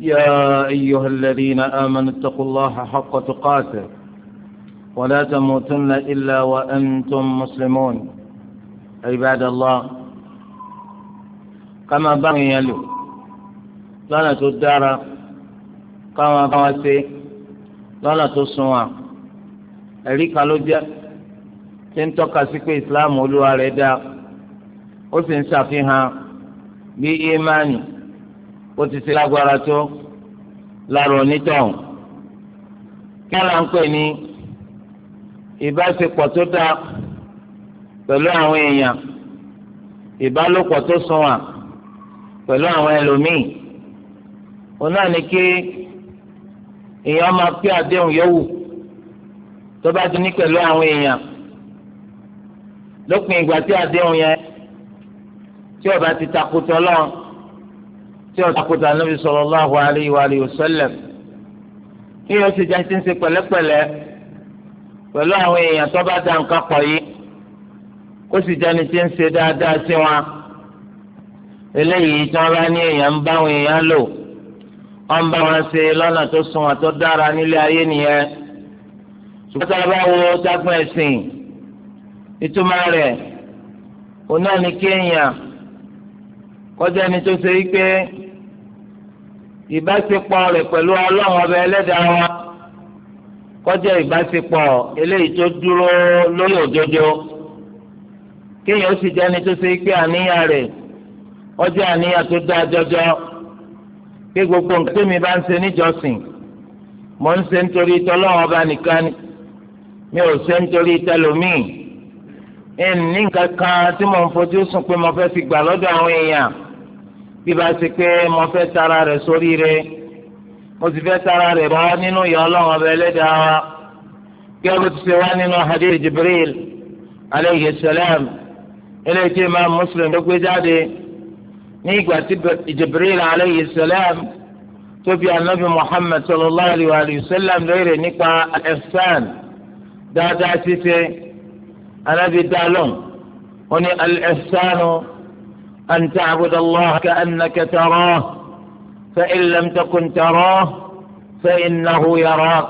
يا أيها الذين آمنوا اتقوا الله حق تقاته ولا تموتن إلا وأنتم مسلمون عباد الله كما بني يلو لنا تدار كما بغي لنا تسوى أريك لجأ تنتقى سكو إسلام ولو أريدا وسنسى فيها بإيمانه bó ti ṣe lágbára tó lára onítọ̀hún kí wọ́n là ń pè ní ìbáṣepọ̀ tó dáa pẹ̀lú àwọn èèyàn ìbálòpọ̀ tó sunwà pẹ̀lú àwọn ẹlòmíì òun náà ni kí èèyàn máa pé àdéhùn yòówù tó bá ti ní pẹ̀lú àwọn èèyàn lópin ìgbà tí àdéhùn yẹn tí ó ti takùtọ̀ lọ́wọ́ tí ọ̀tá kúta níbi sallallahu alayhi wa alihi wa sallam kí yóò ṣe jẹ́ ṣíṣe pẹ̀lẹ́pẹ̀lẹ́ pẹ̀lú àwọn èèyàn tó bá da nǹkan pọ̀ yìí kó sì jẹ́ni tí ń ṣe dáadáa sí wọn eléyìí tí wọ́n bá ní èèyàn ń bá àwọn èèyàn lò wọ́n bá wọn ṣe lọ́nà tó sùn tó dára nílé ayé nìyẹn ṣùgbọ́n tá a bá wo dágbọ́n ẹ̀sìn ìtumọ̀ rẹ̀ òun náà ni kéèyàn kọjá ẹni tó ṣe wípé ìbáṣepọ̀ rẹ̀ pẹ̀lú ọlọ́run ọba ẹlẹ́dàá wa kọjá ìbáṣepọ̀ eléyìí tó dúró lórí òdodo kéèyàn ó sì jẹ́ni tó ṣe pé àníyàn rẹ̀ ọjọ́ àníyàn tó dáa jọjọ pé gbogbo nǹkan tèmi bá ń ṣe níjọsìn mò ń ṣe nítorí tọ́lọ́run ọba nìkan mi ò ṣe nítorí tẹlòmíì ẹ̀ ní nǹkan kan tí mò ń fojú sùn pé mo fẹ́ fi gbà lọ́dọ̀ àwọn èèyàn bí bá ṣe pé mo fẹ́ tara rẹ̀ sórí rẹ̀ mo sì fẹ́ tara rẹ̀ bọ́ nínú ìyá ọlọ́run ọba ẹlẹ́dàá wa kí ọba ti ṣe wá nínú hadith jibril aleyhi salam eléyìí tí imam muslim ló gbé jáde ní ìgbà tí jibril aleyhi salam tó anabi muhammad sallallahu alayhi wa sallam léèrè nípa al-ihsan dáadáa ṣíṣe anabi dalon ó ní al-ihsanu. أن تعبد الله كأنك تراه فإن لم تكن تراه فإنه يراك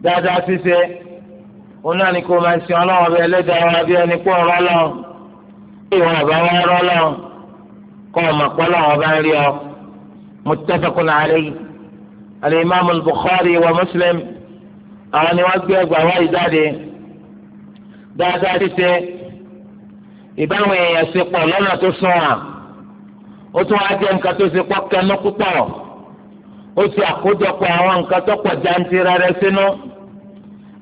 بعد سيسي ونانكو من شاء الله بيلدى ونبيانكو غلا ايوه بوار غلا قوم قلا وباريا متفق عليه الإمام البخاري ومسلم أنا وقت يقوى وايد دادي دادا سيسي ìbáwọn èèyàn ṣe pọ̀ lọ́nà tó sún wọn ó tún wá jẹ́ nǹkan tó ṣe pọ̀ kẹnu púpọ̀ ó ti àkójọpọ̀ àwọn nǹkan tó pọ̀ jantirẹrẹ sínú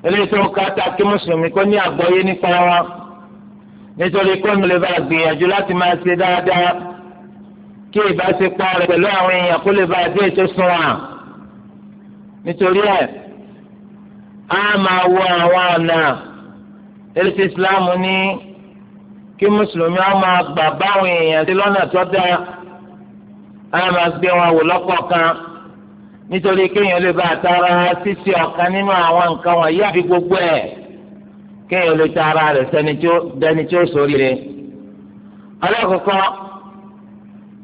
eléyìí tó ń ká ta kí mùsùlùmí kó ní àgbọ́yé nípa wọn nítorí kó ń lè bá gbìyànjú láti máa ṣe dáadáa kí ìbáṣepọ̀ rẹ̀ pẹ̀lú àwọn èèyàn kó lè bá dé ètò sún wọn nítorí ẹ̀ á máa wo àwọn ọ̀nà eléyìí tí Islam ní kí mùsùlùmí á máa gbà báwọn èèyàn sí lọ́nà tó dáa á máa gbé wọn wò lọ́kọ̀ọ̀kan nítorí kéèyàn lè bá àtàrà ṣíṣe ọ̀kan nínú àwọn nǹkan wọ̀nyí àfi gbogbo ẹ̀ kéèyàn lè ta ara rẹ̀ sẹ́ni tó dẹni tó sórí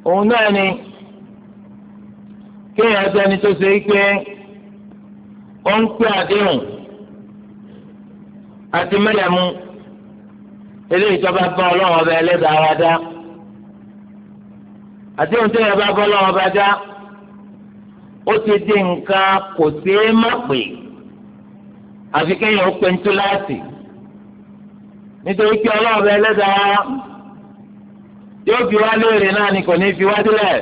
òun náà ni kéèyàn dẹni tó ṣe pé ó ń pè àdéhùn àti mẹ́lẹ̀mú eléyìí tó bá bá ọlọ́run ọba ẹlẹ́dàá wa dá àti ohun tó yẹ bá bá ọlọ́run ọba dá ó ti di nǹkan kò ṣeé má pè àfi kéèyàn ó pe ntú láti nítorí pé ọlọ́run ọba ẹlẹ́dàá wa yóò fi wá lóore náà ni kò ní fi wá sílẹ̀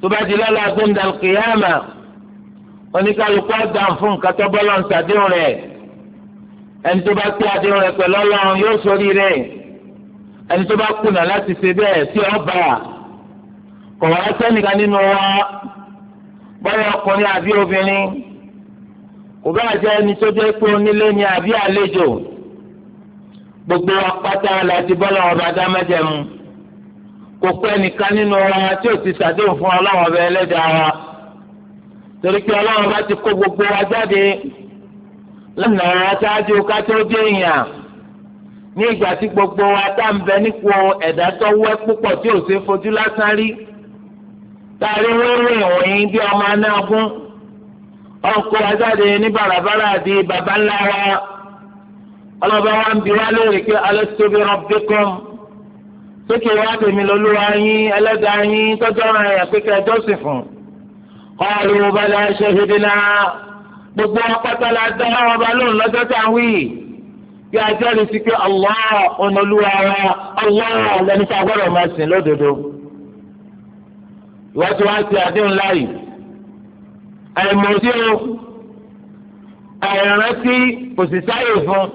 tó bá di lọ́la gbẹ̀ndàlùkìyàmà oníkàlùkù ọ̀dà fún nǹkan tó bọ́lọ̀ ń sàdéhùn rẹ̀ ẹni tó bá pé adéhùn rẹ̀ pẹ̀lú Ọlọ́run yóò sórí rẹ̀ ẹni tó bá kùnà láti ṣe bẹ́ẹ̀ sí ọba kọ̀wá sẹ́nìkan nínú wa bọ́lá ọkùnrin àbí obìnrin kò bá jẹ́ ẹni tó jẹ́ pé onílé ni àbí àlejò gbogbo apáta láti bọ́lá ọba dá mẹ́jẹ̀mú kò pẹ́ nìkan nínú wa tí ò ti ṣàdéhùn fún Ọlọ́run ọba ẹlẹ́dàá wa torí pé Ọlọ́run bá ti kó gbogbo wa jáde lọ́nà ṣáájú ká tó dé èèyàn ní ìgbà tí gbogbo wa tá ń bẹ nípò ẹ̀dá tó wẹ́ púpọ̀ tí ò ṣe fojú lásán rí tàrí wíwìn ìwòyìn bí ọmọ anágún ọkọ̀ ajáde ní bàràbàrà di bàbá ńlá wa ọlọ́ba wa ń bi wá lórí pé alastu bi rabbikum sókè wá tèmi lọ́lúwa yín ẹlẹ́dàá yín tọ́jú ọ̀ràn yẹn pé kẹ́ ẹ jọ́sìn fún qalu bala shahidna. gbogbo wọn pátá la dá wọn bá lóun lọ́jọ́ tá a wí kí a jẹ́rìí sí pé Allah wa Allah lẹni tá a gbọ́dọ̀ máa sìn lódodo ìwádìí àdéhùn láàyè àìmọ̀tí o àìrántí kò sì sáyè fún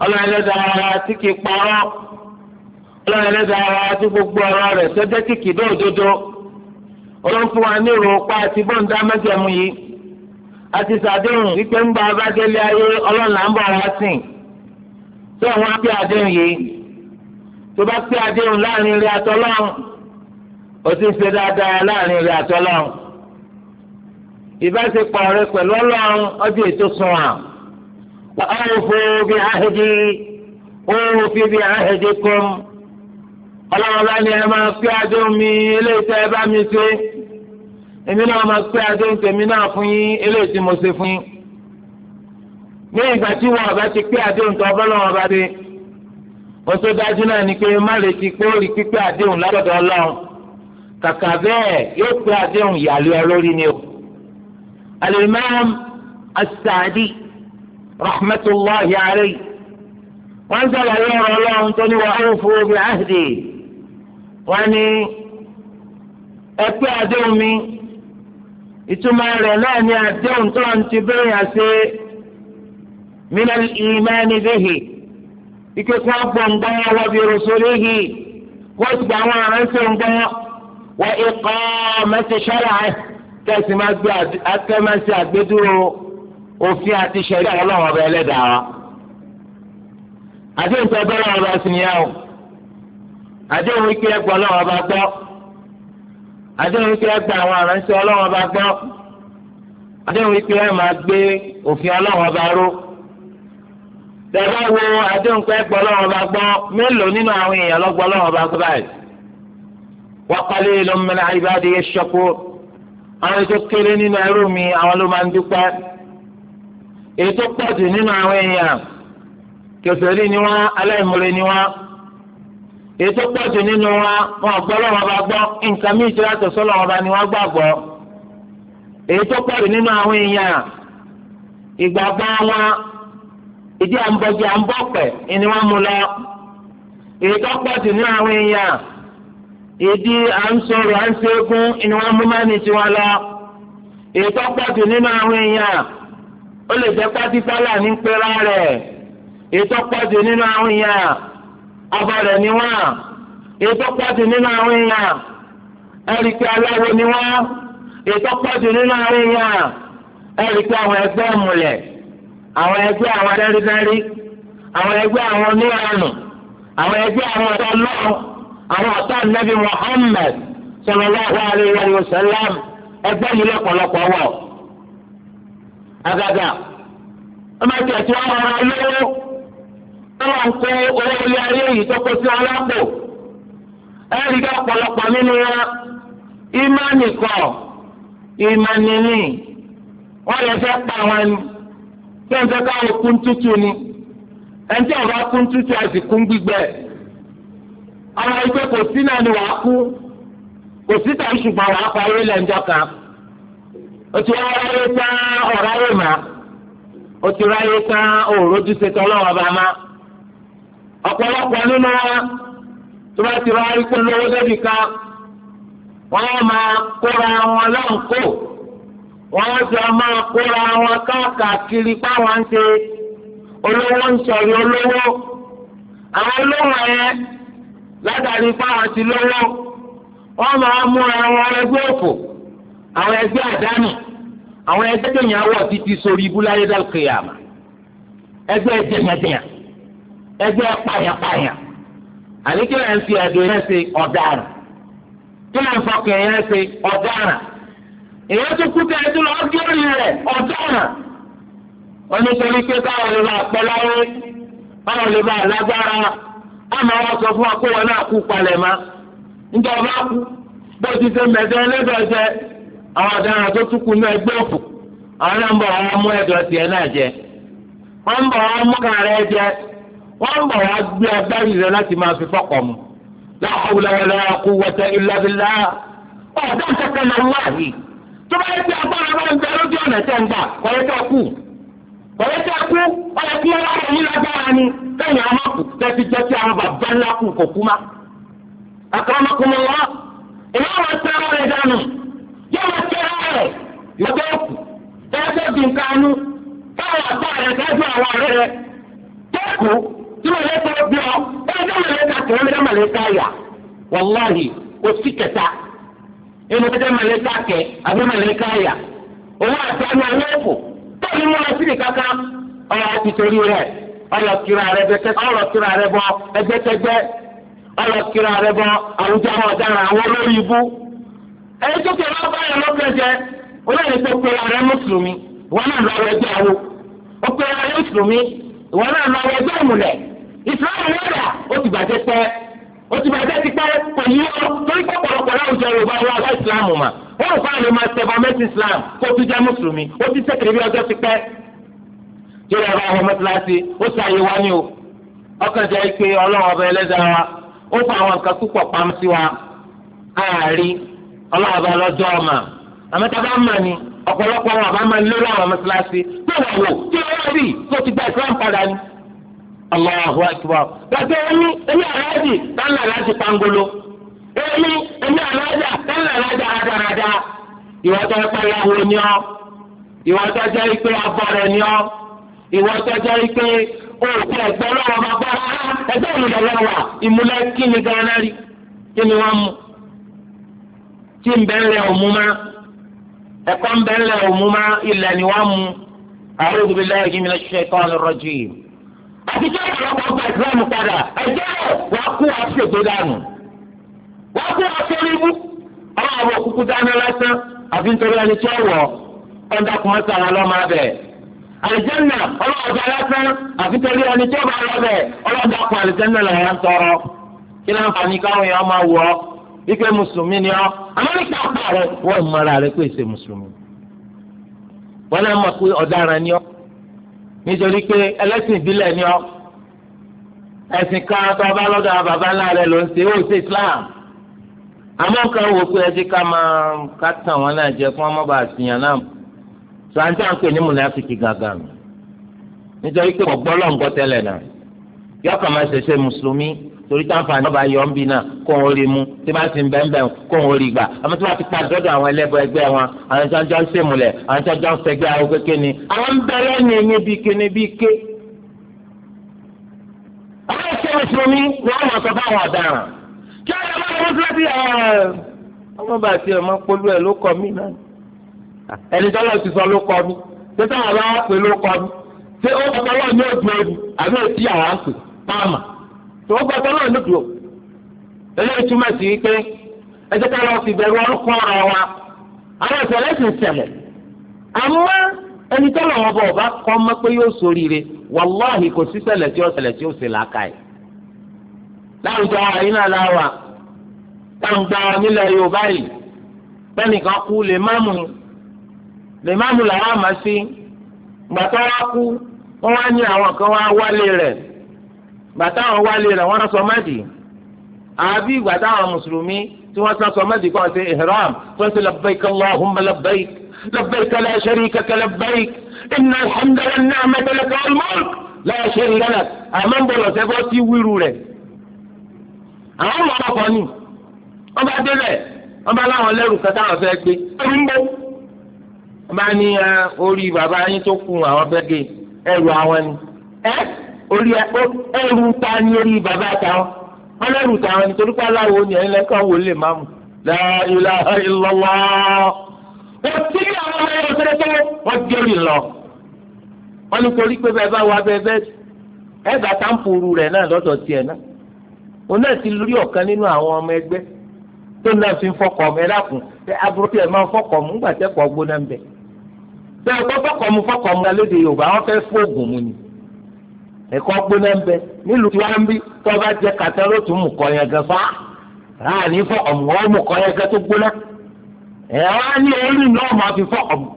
ara tí kì í parọ́ ara tí gbogbo ọ̀rọ̀ rẹ̀ kìkì dóòdodo wa ní àti àti sàdéhùn wípé ń bá abájẹ́lé ayé ọlọ́run ń bọ̀ wá sìn tó wọn á àdéhùn yìí tó bá pé àdéhùn láàrin ilé àtọ́lọ́run ó ti ṣe dáadáa láàrin ilé àtọ́lọ́run ìbáṣepọ̀ rẹ pẹ̀lú ọlọ́run ọdún ètò sùn à ọ̀hún ọ̀hún kún ọlọ́run bá ní ẹ máa àdéhùn mi bá mi ṣe. èmi náà máa pé adé ń tèmi náà fún yín eléyìí tí mo ṣe fún yín ní ìgbà tí wọn ọba ti pé adéhùn tó ọbọlọ́wọ́ ọba dé wọn tó dájú náà ni pé má retí pé ó rí pípé adéhùn látọ̀dọ̀ ọlọ́run kàkà bẹ́ẹ̀ yóò pé adéhùn ìyàlẹ́ ọlórí ni o. alimam asaadi rahmatulahi alayhi wọn sàlàyé ọ̀rọ̀ ọlọ́run tó ní wà áwọn fún omi ahdi wọn ni ẹ pé adéhùn mi. ìtumọ̀ rẹ̀ náà ni àdéhùn tó ń ti bẹ́ẹ̀ yà mina ìmánì bihi ike kó gbọ̀ngbọ́n wa bi rusulihi gba àwọn aránsẹ́ ńgbọ́n wa iqamati shar'ih kẹ́sì máa gbé akẹ́mẹ́sì àgbédúró òfin àti ṣẹ̀rí ọlọ́run ọba ẹlẹ́dàá wa. àdéhùn tó bẹ́ẹ̀ lọ́wọ́ bá sí o àdéhùn ike ẹgbọ́n lọ́wọ́ bá gbọ́. àdéhùn wípé ẹ gba àwọn àránṣẹ́ Ọlọ́run ọba gbọ́ àdéhùn wípé ẹ máa gbé òfin Ọlọ́run ọba ró tẹ̀lé wo àdéhùn pé gbọ́ lọ́wọ́ bá gbọ́ mélòó nínú àwọn èèyàn lọ́gbọ́ lọ́wọ́ bá gbọ́ báyìí. wa qalilun min ibadiya ash-shakur àwọn ètò kéré nínú ẹrú mi àwọn ló máa ń dúpẹ́. ètò pọ̀jù nínú àwọn èèyàn kèfèrí ni wọ́n aláìmoore ni wọ́n. ètò pọ̀jù nínú wa wọn gbọ́ lọ́wọ́ bá gbọ́ nǹkan láti bá ni wọ́n gbàgbọ́ ètò pọ̀jù nínú àwọn èèyàn ìgbàgbọ́ wọn ìdí àǹbọ̀jì àǹbọ̀pẹ̀ ni wọ́n mú lọ ètò pọ̀jù nínú àwọn èèyàn ìdí à ń ni wọ́n mú mẹ́ni tiwọn lọ ètò pọ̀jù nínú ọba rẹ̀ ni wọ́n ètò nínú àwọn èèyàn aláwo ni wọ́n ètò pọ̀jù nínú àwọn èèyàn ẹ̀rí àwọn ẹgbẹ́ ìmùlẹ̀ àwọn ẹgbẹ́ àwọn adẹ́rẹ́dẹ́rí àwọn ẹgbẹ́ àwọn oníranù àwọn ẹgbẹ́ àwọn ọ̀tọ̀ lọ́wọ́ àwọn nẹ́bí wa ẹgbẹ́ yìí lọ́pọ̀lọpọ̀ wọ̀ ọmọ tọ́lá ń kó owó ilé ayé yìí tọ́kọ sí wọn lápò ẹ̀rí ká nínú wọn ìmánì kọ wọ́n lè fẹ́ pa wọn ni kí fẹ́ káwọn kún tútù ni ẹni tí kún tútù àti kún ìgbẹ́ kò sí náà ni wàá kú kò sí tàbí ṣùgbọ́n wàá pa o ti tán ọ̀pọ̀lọpọ̀ nínú wa tó bá ti rárí pé lówó débi kan wọ́n máa kóra wọn lọ́nkó wọ́n máa kóra wọn káàkiri páwọn ń ṣe olówó ń sọ̀rọ̀ olówó àwọn olówó yẹn látàrí páwọn ti lówó wọ́n máa múra wọn ẹgbẹ́ òfò àwọn ẹgbẹ́ àdánù àwọn ẹgbẹ́ tẹ̀yìn awọ̀ títí sórí ibú láyé ẹgbẹ́ pàyàpàyà àní kí lóun fi ẹ̀dùn yẹn ṣe ọ̀daràn kí lóun fọkàn yẹn ṣe ọ̀daràn èyí tó kú tẹ̀ ẹ̀dùn lọ́wọ́ rẹ̀ ọ̀daràn pé káwọn lè máa pẹ́ káwọn lè máa lágbára àmọ́ wọn sọ fún wa pé wọn náà kú palẹ̀ kú bó ti ṣe mẹ̀tẹ́ ẹlẹ́dọ̀ọ́jẹ́ àwọn ọ̀daràn tó tún kú náà ẹgbẹ́ òfò àwọn náà ń bọ̀ wọn mú wọ́n ń bọ̀ wá gbé agbárí rẹ láti máa fi fọ́kọ̀ mu la hawla wala quwwata illa billah ọ̀dọ́ kankan náà wà yìí tó bá yẹ kí agbára máa ń bẹ lójú ọ̀nà tẹ̀ ń gbà kọ̀yẹ́tẹ̀ kù kọ̀yẹ́tẹ̀ kú ọ̀yẹ́ kí wọ́n wá yín lágbára ni lẹ́yìn àwọn kù tẹ́tí jẹ́ kí àwọn bàbá ńlá kù kò kú má. àkàràmọ́kùnmọ́ wa ìyá wa tẹ́lẹ̀ rẹ̀ dànù yóò wá tẹ́lẹ̀ rẹ̀ yọ̀dọ̀ kù tẹ́lẹ̀ tó tí màlẹ́kà ó bí ọ ẹ̀ẹ́dá màlẹ́kà tó ń dá màlẹ́kà yà wàláhì kẹta kẹ àbí yà àti mú kankan ọ̀rọ̀ torí ọ̀rọ̀ bọ ọ̀rọ̀ bọ àwùjọ àwọn ọ̀daràn àwọn olórí ibú ẹni tó olóyè tó mùsùlùmí wọn náà ìwọ náà lọ wọ islam ìmùlẹ̀ ìsìláàmù lọ́dà ó ti bàjẹ́ pẹ́ ó ti bàjẹ́ ti pẹ́ kò yí torí pé ọ̀pọ̀lọpọ̀ láwùjọ yorùbá wa wá ìsìláàmù mà wọ́n rò fáwọn ọmọ ẹsẹ̀ bọ́mẹ́sì ìsìláàmù kó tún jẹ́ mùsùlùmí ó ti sẹ́kẹ̀rẹ́ bí ọjọ́ ti pẹ́ tí ó lọ́ọ́ ọmọ mọ́tíláṣí ó ṣàyè wá ní o ọkàn jẹ́ wa ó fa àwọn nǹkan sí wa ọ̀pọ̀lọpọ̀ wọn àbá máa ń lérò àwọn mọ́sálásí pé wọ́n wò kí wọ́n rí tó ti gba ìsìlámù padà ni. Allahu akbar. Gbàgbé ẹni ẹni aláàjì tánà aláàjì pangolo. Ẹni ẹni aláàjà tánà aláàjà rádaràdà. Ìwọ tó jẹ́ ìyàwó ni ọ́. Ìwọ tó jẹ́ ìpè abọ́rẹ̀ ni ọ́. Ìwọ tó jẹ́ ìpè òkú ẹ̀gbẹ́ lọ́wọ́ máa bá rárá. Ẹgbẹ́ ìlú lọ́wọ́ ìmúlẹ̀ kí ni gan-an rí? Kí ni wọ́n mú? Tí ń bẹ́ẹ̀ rẹ̀ òmú máa ẹ̀kọ́ ń bẹ́ẹ̀ lẹ̀ òmu má ilẹ̀ ni wọ́n mu a'udhu billahi minash shaitanir rajim. àtijọ́ ìrọ̀pọ̀ gba ìsìlámù padà ẹ̀jẹ̀ wà kú àṣègbè dànù wà kú àṣẹríbú ọ̀rọ̀ àwọn òkúkú dáná lásán àfi nítorí ẹni tí ó wọ̀ ọ̀dà kùmọ́sà wọn lọ́mọ abẹ́ àlìjẹ́nà ọlọ́ọ̀dà lásán àfi nítorí ẹni tí ó bá lọ́bẹ̀ ọlọ́ọ̀dà kùmọ́ àlìjẹ́nà làwọn ń tọrọ ike mùsùlùmí ni ọ amẹ́ríkà ọ̀pá rẹ wọ́n mọ̀ra rẹ pé ṣe mùsùlùmí wọn náà mọ̀ pé ọ̀daràn ni ọ nítorí pé ẹlẹ́sìn ìbílẹ̀ ni ọ ẹ̀sìn kan tó ọba lọ́dọ̀ bàbá ńlá rẹ ló ń ṣe ó ṣe Islam àmọ́ nǹkan wò pé ẹ ti ká máa ká tàn wọn náà jẹ kí wọ́n má bàa sìyàn náà tó àǹtí à ń pè ní mùnàfíkì gàgà mi nítorí pé ọ̀gbọ́lọ̀ ń tẹ́lẹ̀ náà yọkàn máa ṣẹ̀ṣẹ̀ mùsùlùmí torí táǹfààní ọba yọ̀ ń bi náà kó wọn rí mu tí bá ti ń bẹ́ẹ̀ bẹ́ẹ̀ kó wọn rí gbà àmọ́ tí wọ́n ti pa dọ́dọ̀ àwọn ẹlẹ́bọ ẹgbẹ́ wọn àwọn tí wọ́n jọ ń sèmùlẹ̀ àwọn tí wọ́n jọ ń fẹgbẹ́ àwọn kéke ni àwọn ń bẹ̀rẹ̀ ní ẹ̀yìn bíi kéne bíi ké. àwọn ẹ̀ṣẹ́ mùsùlùmí ni wọ́n mọ̀ sọ fáwọn ọ̀daràn kí wọ́n bá wọn tó bí ọmọ bá ọmọ polú ẹ̀ ló kọ mí náà ẹni tọ́lọ́ ti sọ ló kọ mí tòun gbọ́ tọ́lọ́ lùdùú eléyìí túmọ̀ sí pé ẹ jẹ́ ká lọ fi ọ̀rọ̀ wa àwọn ìṣẹ̀lẹ̀ sì ń ṣẹlẹ̀ àmọ́ ẹni tọ́lọ̀ wọn bọ̀ bá kọ́ mọ́ pé yóò ṣoríire wàláhì kò sí tí ó tí ó ṣe làákà ẹ̀ láwùjọ àyín náà láwà táǹgbà nílẹ̀ Yorùbá yìí pẹ́nìkan kú lè lè làwọn sí gbàtọ́ gbàtà àwọn wálé rẹ̀ wọ́n sọ mẹ́dì àbí gbàtà àwọn mùsùlùmí tí wọ́n sọ mẹ́dì kọ́ ṣe ihram tó ń ṣe labbaik allahumma labbaik labbaik la sharika lak labbaik inna alhamda wa ni'mata laka wal mulk la sharika lak àmọ́ ń bọ̀lọ̀ sẹ́fọ́ sí wíru rẹ̀ àwọn ọmọ ọkọ ni wọ́n bá débẹ̀ wọ́n bá láwọn lẹ́rù kẹta àwọn fẹ́ gbé wọ́n bá ní ah, orí bàbá yín tó kù àwọn fẹ́ gbé ẹrù àwọn ni ẹ́ orí ẹrù ta ni orí bàbá táwọn wọn lẹrù táwọn nítorí pé aláwo ni ẹni lẹkọọ wò lè máa mú la ilaha illallah wọn ti ní àwọn ọmọ ẹrọ tẹlẹtẹlẹ wọn jẹrì lọ wọn ní torí pé bẹ́ẹ̀ bá wà bẹ́ẹ̀ bẹ́ẹ̀ ẹ bá táǹpùrù rẹ náà lọ́dọ̀ tiẹ̀ náà òun náà ti lórí ọ̀kan nínú àwọn ọmọ ẹgbẹ́ tó náà fi ń ọmọ ẹ ẹ aburú tí máa ń fọkọ̀ ọmọ gbóná ń bẹ̀. bẹ́ẹ̀ kọ́ fọkọ̀ ọmọ fọkọ̀ ọmọ alóde yorùbá wọn fẹ́ fóògùn mu ni ẹ̀kọ́ gbóná ń bẹ nílùú tí wọ́n ń bí tó bá jẹ kàtà ló tún mú kọ́ yẹn gan fa láàánú fọ ọ̀mù wọn mú kọ́ yẹn gan tó gbóná ẹ̀ wá ní orí náà máa fi fọ ọ̀mù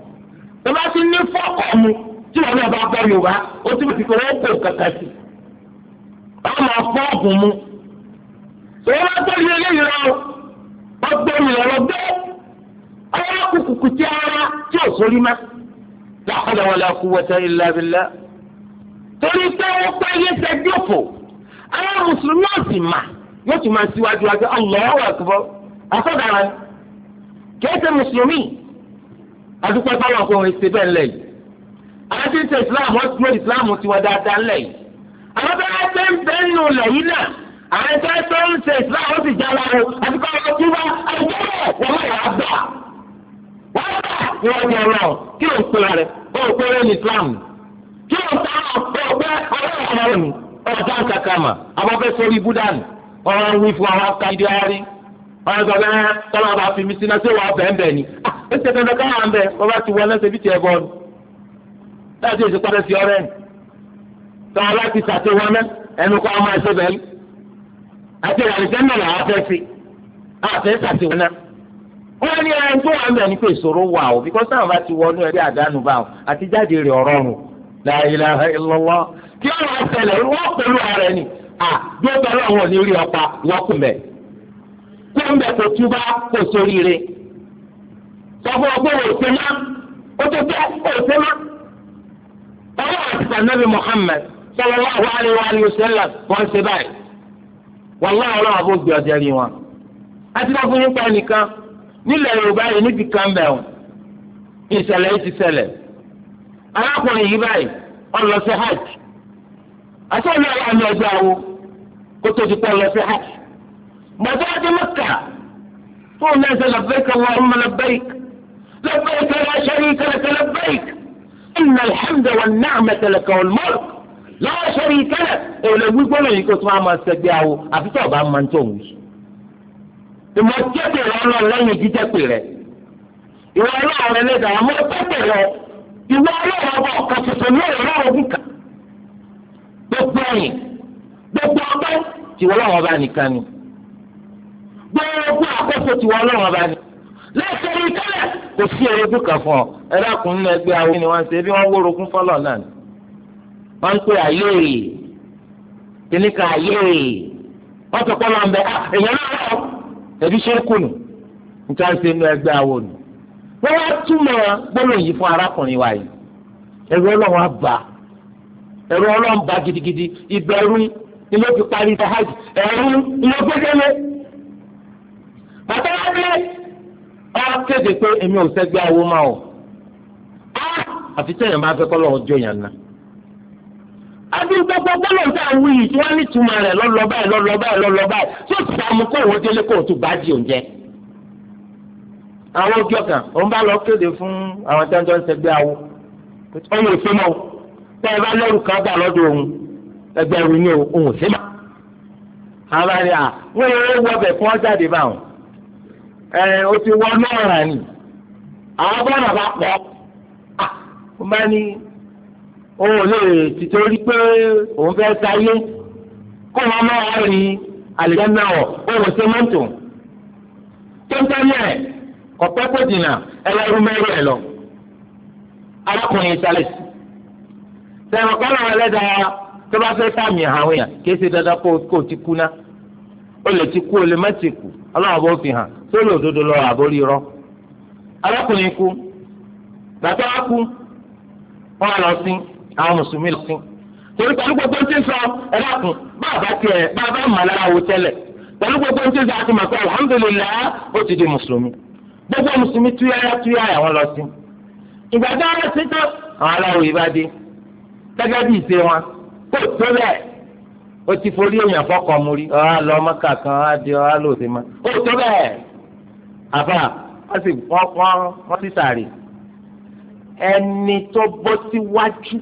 tó bá ti ní fọ ọ̀mù tí wọn náà bá yorùbá ó ti fi kọ́ kó kàkà sí wọ́n máa fọ́ ọ̀gùn mu èyí wọ́n tó yẹ lẹ́yìn rẹ o wọ́n gbé mi lọ́wọ́ gbé ọwọ́ kùkùkù tí ara tí ò sórí má. láàárọ̀ wọn la kú wọ́tẹ́ ilá torí pé ó pẹ́ yé sẹ́díòfò àwọn mùsùlùmí ọ̀sì mà yóò tún máa síwájú wájú Allahu Akbar àfọ̀dára kìí ṣe mùsùlùmí àdúpẹ́ báwọn kò ń ṣe bẹ́ẹ̀ lẹ̀ yìí àwọn tí ń ṣe islam wọ́n ti mú islam tiwọn dáadáa lẹ̀ yìí àwọn tó wá pé ń bẹ́ nù lẹ̀ yìí náà àwọn tó tó ń ṣe islam ó sì jára o àti kọ́ ọ̀rọ̀ tí wọ́n àti kọ́ ọ̀rọ̀ wọ́n wà á bẹ̀ wọ́n bẹ̀ ni wọ́n ní ọ̀rọ̀ kí ló ń pè rẹ̀ ó ń pè rẹ̀ ní islam ni. tí o ta ọ̀pẹ ọ̀pẹ ọ̀rẹ́ ibú dànù ọ̀rọ̀ wí fún àwọn akadé ayárí ọ̀rẹ́ sọ bẹ́ẹ̀ tọ́lá bá fi mi síná sí wà ni ẹ ṣe káwọn bẹ́ẹ̀ ti bí tiẹ̀ bọ́ọ̀lù láti sí tọ́ ọ láti mẹ́ ẹnu kọ́ ọmọ bẹ́ẹ̀ àti sí àfẹ́ náà wọ́n la ilaha illallah kí ọ̀rọ̀ àtẹlẹ̀ wọ́n pẹ̀lú ara ẹni à bí ó tọ́lọ́ wọn ní rí ọ̀pá wọ́n kù mẹ́ kó ń bẹ kó túbá kó sóríire sọfún ọgbọ́n òsè má ó tó tẹ́ òsè má ọwọ́ àtìkà nàbì Muhammad sallallahu alaihi wa sallam wọ́n ṣe báyìí wàláhà ọlọ́run àbó gbé ọjà rí wọn. àti lọ́kùnrin pa nìkan nílẹ̀ Yorùbá yìí níbi kan bẹ̀ ọ́ ìṣẹ̀lẹ̀ arákùnrin yìí báyìí ọlọ sí hajj àti ọlọ àmì ọjọ́ àwo kó tó ti pọ ọlọ sí hajj gbàtọ́ àti mẹ́kà fún náà ṣe lọ́bẹ́ẹ̀kì Allahumma lọ́bẹ́ẹ̀kì lọ́bẹ́ẹ̀kì la sharika laka lọ́bẹ́ẹ̀kì inna alhamda wa ni'mata laka wal mulk la sharika lak èlò gbígbóná yìí kó tó máa ma ṣẹgbẹ́ àwo àfi ọba máa ń tó òun yìí. ìmọ̀ jẹ́pẹ̀ rẹ ọlọ́run ìwọ ọlọ́run lẹ́dàá àmọ́ pẹ́pẹ̀ ìwé ọlọ́run ọba ọ̀kan ṣoṣo ní ọ̀rọ̀ ogun kan gbogbo ẹ̀yìn gbogbo ọba tìwọ́ ọlọ́run ọba nìkan ni gbogbo àkóso tìwọ́ ọlọ́run ọba ni lẹ́sẹ̀rì kálẹ̀ kò sí orogún kan fún ọ ẹ̀rọ̀kùn nínú ẹgbẹ́ àwọn ni wọ́n ń ṣe bí wọ́n wórogún fọ́lọ̀ náà ni wọ́n ń pè ayé kìnnìkan ayé wọ́n tọ́ pọ́nlọ́ ah, ń bẹ náà lọ́wọ́ ẹ̀bí ṣe é kùnù níta ń ṣe inú ẹgbẹ́ àwọn ni. wọ́n wá túmọ̀ gbólóhùn yìí fún arákùnrin wa yìí ẹ̀rọ ọlọ́run á bà gidigidi ìbẹ̀rù ni ló fi parí ìfẹ́ hajj ẹ̀rù ni ló ọ kéde pé èmi ò sẹ́gbẹ́ awo máa o àfi tẹ̀yàn fẹ́ ọjọ́ a wuyì tí wọ́n ní túmọ̀ rẹ̀ lọ́lọ́ báyìí lọ́lọ́ báyìí lọ́lọ́ báyìí àwọn ojú ọkàn òun bá lọ kéde fún àwọn tí wọ́n jọ ń ṣẹgbẹ́ awo òun ò sí mọ́ o tẹ́ ẹ bá lẹ́rù kan gbà lọ́dọ̀ òun ẹgbẹ́ ẹrù ni òun ò sí mọ́ àwọn àrẹ à wọ́n yẹ wọ ọbẹ̀ fún ọ́jáde báwọn ẹ o ti wọ náírà ni àwọn bọ́ọ̀nà bá pọ̀ ọ bá ní òun ò lè tìtorí pé òun fẹ́ sáyé kó wọn máa rí àlejò náà wọ̀ òun sí mọ́tò tó ń tẹ́lẹ̀ kọ̀pẹ́ kò na ẹlẹ́rú mẹ́rin ẹ̀ lọ. arákùnrin ìsàlẹ̀ sí. sẹ̀wọ̀n kọ́nà ẹlẹ́dàá tó bá fẹ́ sàmì àwọn èèyàn kì í dandan kó o ti kú ná. o lè ti kú o lè má ti kú ọlọ́run bó fi hàn tó lè òdodo lọ àbórí rọ. arákùnrin kú bàtà wá kú wọn lọ sí àwọn mùsùlùmí lọ sí. gbogbo mùsùlùmí túyáyá túyáyá wọn lọ sí ìgbà tí wọn sí tó àwọn aláwọ yìí bá dé bí ìṣe wọn kó tó bẹ́ẹ̀ o ti forí èèyàn fọkàn mu rí ọ̀hán lọ mọ́kà kan á di ọ̀hán lòdì mọ́ kó tó bẹ́ẹ̀ àfà wọ́n sì wọ́n wọ́n wọ́n sì sàrè ẹni tó bọ́ síwájú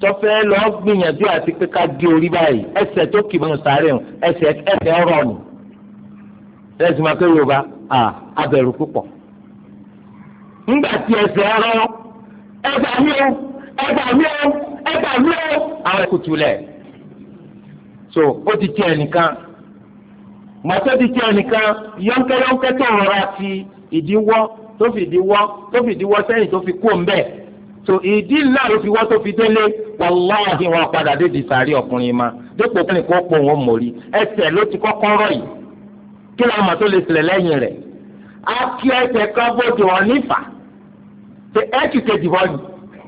tọ́fẹ́ lọ́ọ́ gbìyànjú àti pé ká gé orí báyìí ẹsẹ̀ tó kì í mọ́ sàrè ẹsẹ̀ ẹsẹ̀ ọ̀rọ̀ nù ẹ̀sìn máa pé yorùbá abẹ̀rù púpọ̀ ńgbà tí ẹsẹ̀ ẹ̀rọ ẹgbà mí o ẹgbà mí o ẹgbà mí o àwọn ẹ̀kútu lẹ̀ so ó ti tiẹ̀ nìkan màtó ti tiẹ̀ nìkan yọ́nkẹ́yọ́nkẹ́ tó rọra ti ìdíwọ́ tó fi ìdíwọ́ tó fi ìdíwọ́ sẹ́yìn tó fi kú ọ̀nbẹ́ so ìdí ńlá ló fi wọ́ tó fi délé wàláhì wọn padà dé di sàárì ọkùnrin ma dépò kí ni kò pọ̀ wọn mọ̀rí ẹsẹ̀ ló ti kọ́kọ́ rọ̀ yìí kí ni ọmọ tó lè sílẹ̀ lẹ́yìn rẹ̀ á kí ẹsẹ̀ kan bóde wọn nífà ṣe ẹ̀kì kejì bọ́ ni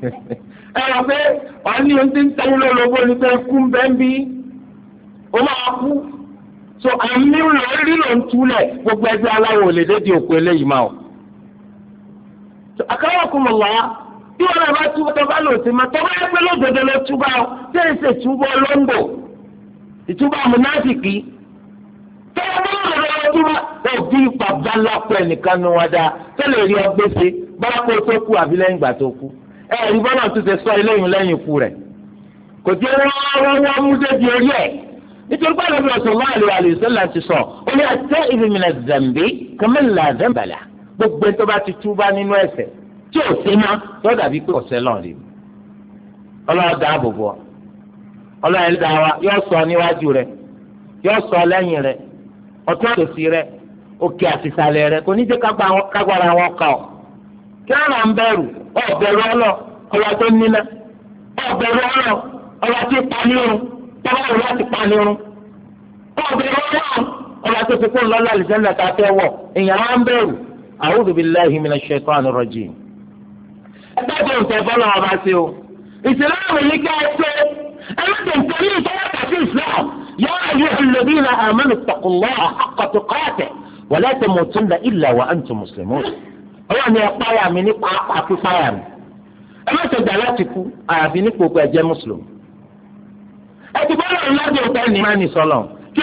ẹ rọ pé wọn ní ohun tí ń tẹ́yìn lólobó ni pé kú ń bẹ́ ń bí ó máa kú so àmì rí ló ń túlẹ̀ gbogbo ẹgbẹ́ aláwọ̀ lè dé di òkú eléyìí máa o akáwọ̀kùnmọ̀ wá bí wọn náà bá túbọ̀ tó bá lò sí ma tó bá yẹ pé lóògbé ló túbọ̀ ó tẹ̀sẹ̀ túbọ̀ lọ́ńgbò ìtúbọ̀ amúnáfìkì lójúmọ́ òbí bàbá lápò ẹnìkan nu wọn dáa tó lè rí ọgbẹ́ ṣe bọ́lá kó tó kú àbí lẹ́yìn ìgbà tó kú ẹ ẹ̀rí bọ́lá tó ṣe sọ eléyìn lẹ́yìn ikú rẹ̀ kò tí wọ́n wọ́n mú débi orí ẹ̀ nítorí pé àlọ́ sọ wọ́n àlè àlè sọ́là ti sọ ó ní àtẹ ìrìnnà zambi kàmẹ́là zambala gbogbo tó bá ti túbá nínú ẹ̀ṣẹ̀ tí ò sí mọ́ tó dàbí pé ọ̀sẹ̀ lọ́n rí mi ọlọ́wọ́ dá ọ̀tún àtòsí rẹ òkè àtìsàlẹ̀ rẹ kò ní jẹ́ kágbára wọn kà ọ́ kí wọn náà ń bẹ̀rù ọ̀bẹ̀rù ọlọ ọlọ tó níná ọ̀bẹ̀rù ọlọ ọlọ tó panirun tọ́lá ọlọ tó panirun ọ̀bẹ̀rù ọlọ ọlọ tó ti kó lọ́lá àlùjánnà tá a fẹ́ wọ̀ èèyàn máa ń bẹ̀rù a'udhu billahi minash shaitanir ṣe يا أيها الذين آمنوا اتقوا الله حق تقاته ولا تموتن إلا وأنتم مسلمون ọlọ́run ẹ páyà mi nípa àpapọ̀ páyà mi ẹ má tẹ̀gbà láti kú àyàfi nípò pé ẹ jẹ́ mùsùlùmí. ẹ ti bọ́lá ọ̀hún lábẹ́ òkè ní má ní sọ́lọ̀ kí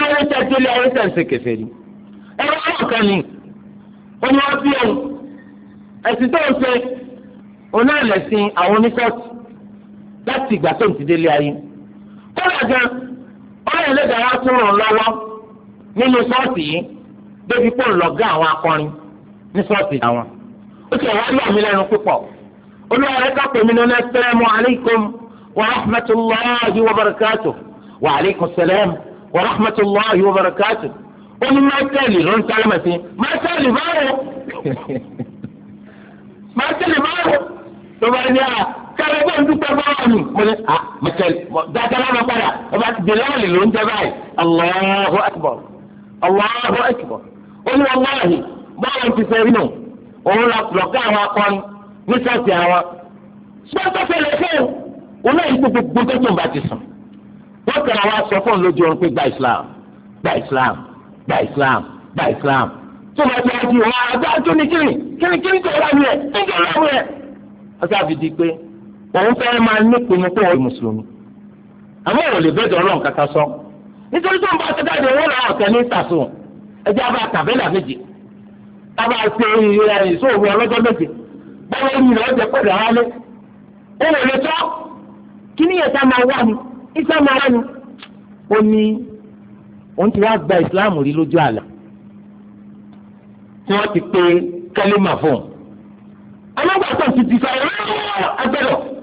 wọ́n ọlọ́run lè dára tún ràn lọ́wọ́ nínú ṣọ́ọ̀ṣì yìí débi pò ń lọ́gá àwọn akọrin ní ṣọ́ọ̀ṣì àwọn. ó ti ọ̀wá lọ mí lẹ́nu púpọ̀ olúwa rẹ̀ ká pè mí ní assalamu alaykum wa rahmatulahi wa barakatuh wa alaykum salam wa rahmatulahi wa barakatuh ó ní mákẹ́lì ló ń sálẹ̀ mẹ́sìn mákẹ́lì báwo mákẹ́lì báwo tó bá ní à tẹ̀lé bẹ́ẹ̀ dúpẹ́ bọ́lá mi mo ní à ah, mọ̀tẹ́ dáadáa lọ́nà padà ọba Bilal ló ń jẹ báyìí Allahu akbar Allahu akbar olùwàláhì bọ́lá ti fẹ́ rí nù òun lọ lọ́kọ́ àwọn akọni ní sọ́ọ̀sì àwọn gbọ́dọ̀ tẹ̀lé fún un náà yìí gbogbo tó tún bá ti sùn wọ́n kàn wá sọ fún un lójú oorun pé gba Islam gba Islam gba Islam gba Islam tó bá ti wá ju wọn àgbà tó ní kiri kiri kiri tó wà ní ẹ̀ ń jẹ́ ọ̀rọ̀ àwọn ọ̀sẹ̀ àfi di pé òun fẹ́ máa nípinnu kó wọ́n mùsùlùmí àmọ́ òun lè bẹ́ẹ̀ dọ̀rọ̀ nǹkan kan sọ nítorí tó ń bá ọtí jáde owó làwọn ọ̀tẹ̀ ní ìtàsùn ẹjẹ́ abá tàbẹ́là méje abá ṣe ìṣòwò ọlọ́jọ́ méje báwo ni ìrọ̀ jẹ pẹ̀lú àwọn alẹ́ òun lè tọ́ kí ni ìyẹn sá máa wá ni ìsá máa wá ni ó ní òun ti wá gba ìsìláàmù rí lójú àlà tí wọ́n ti pé kẹ́lí màfọ́n ọlọ́gbà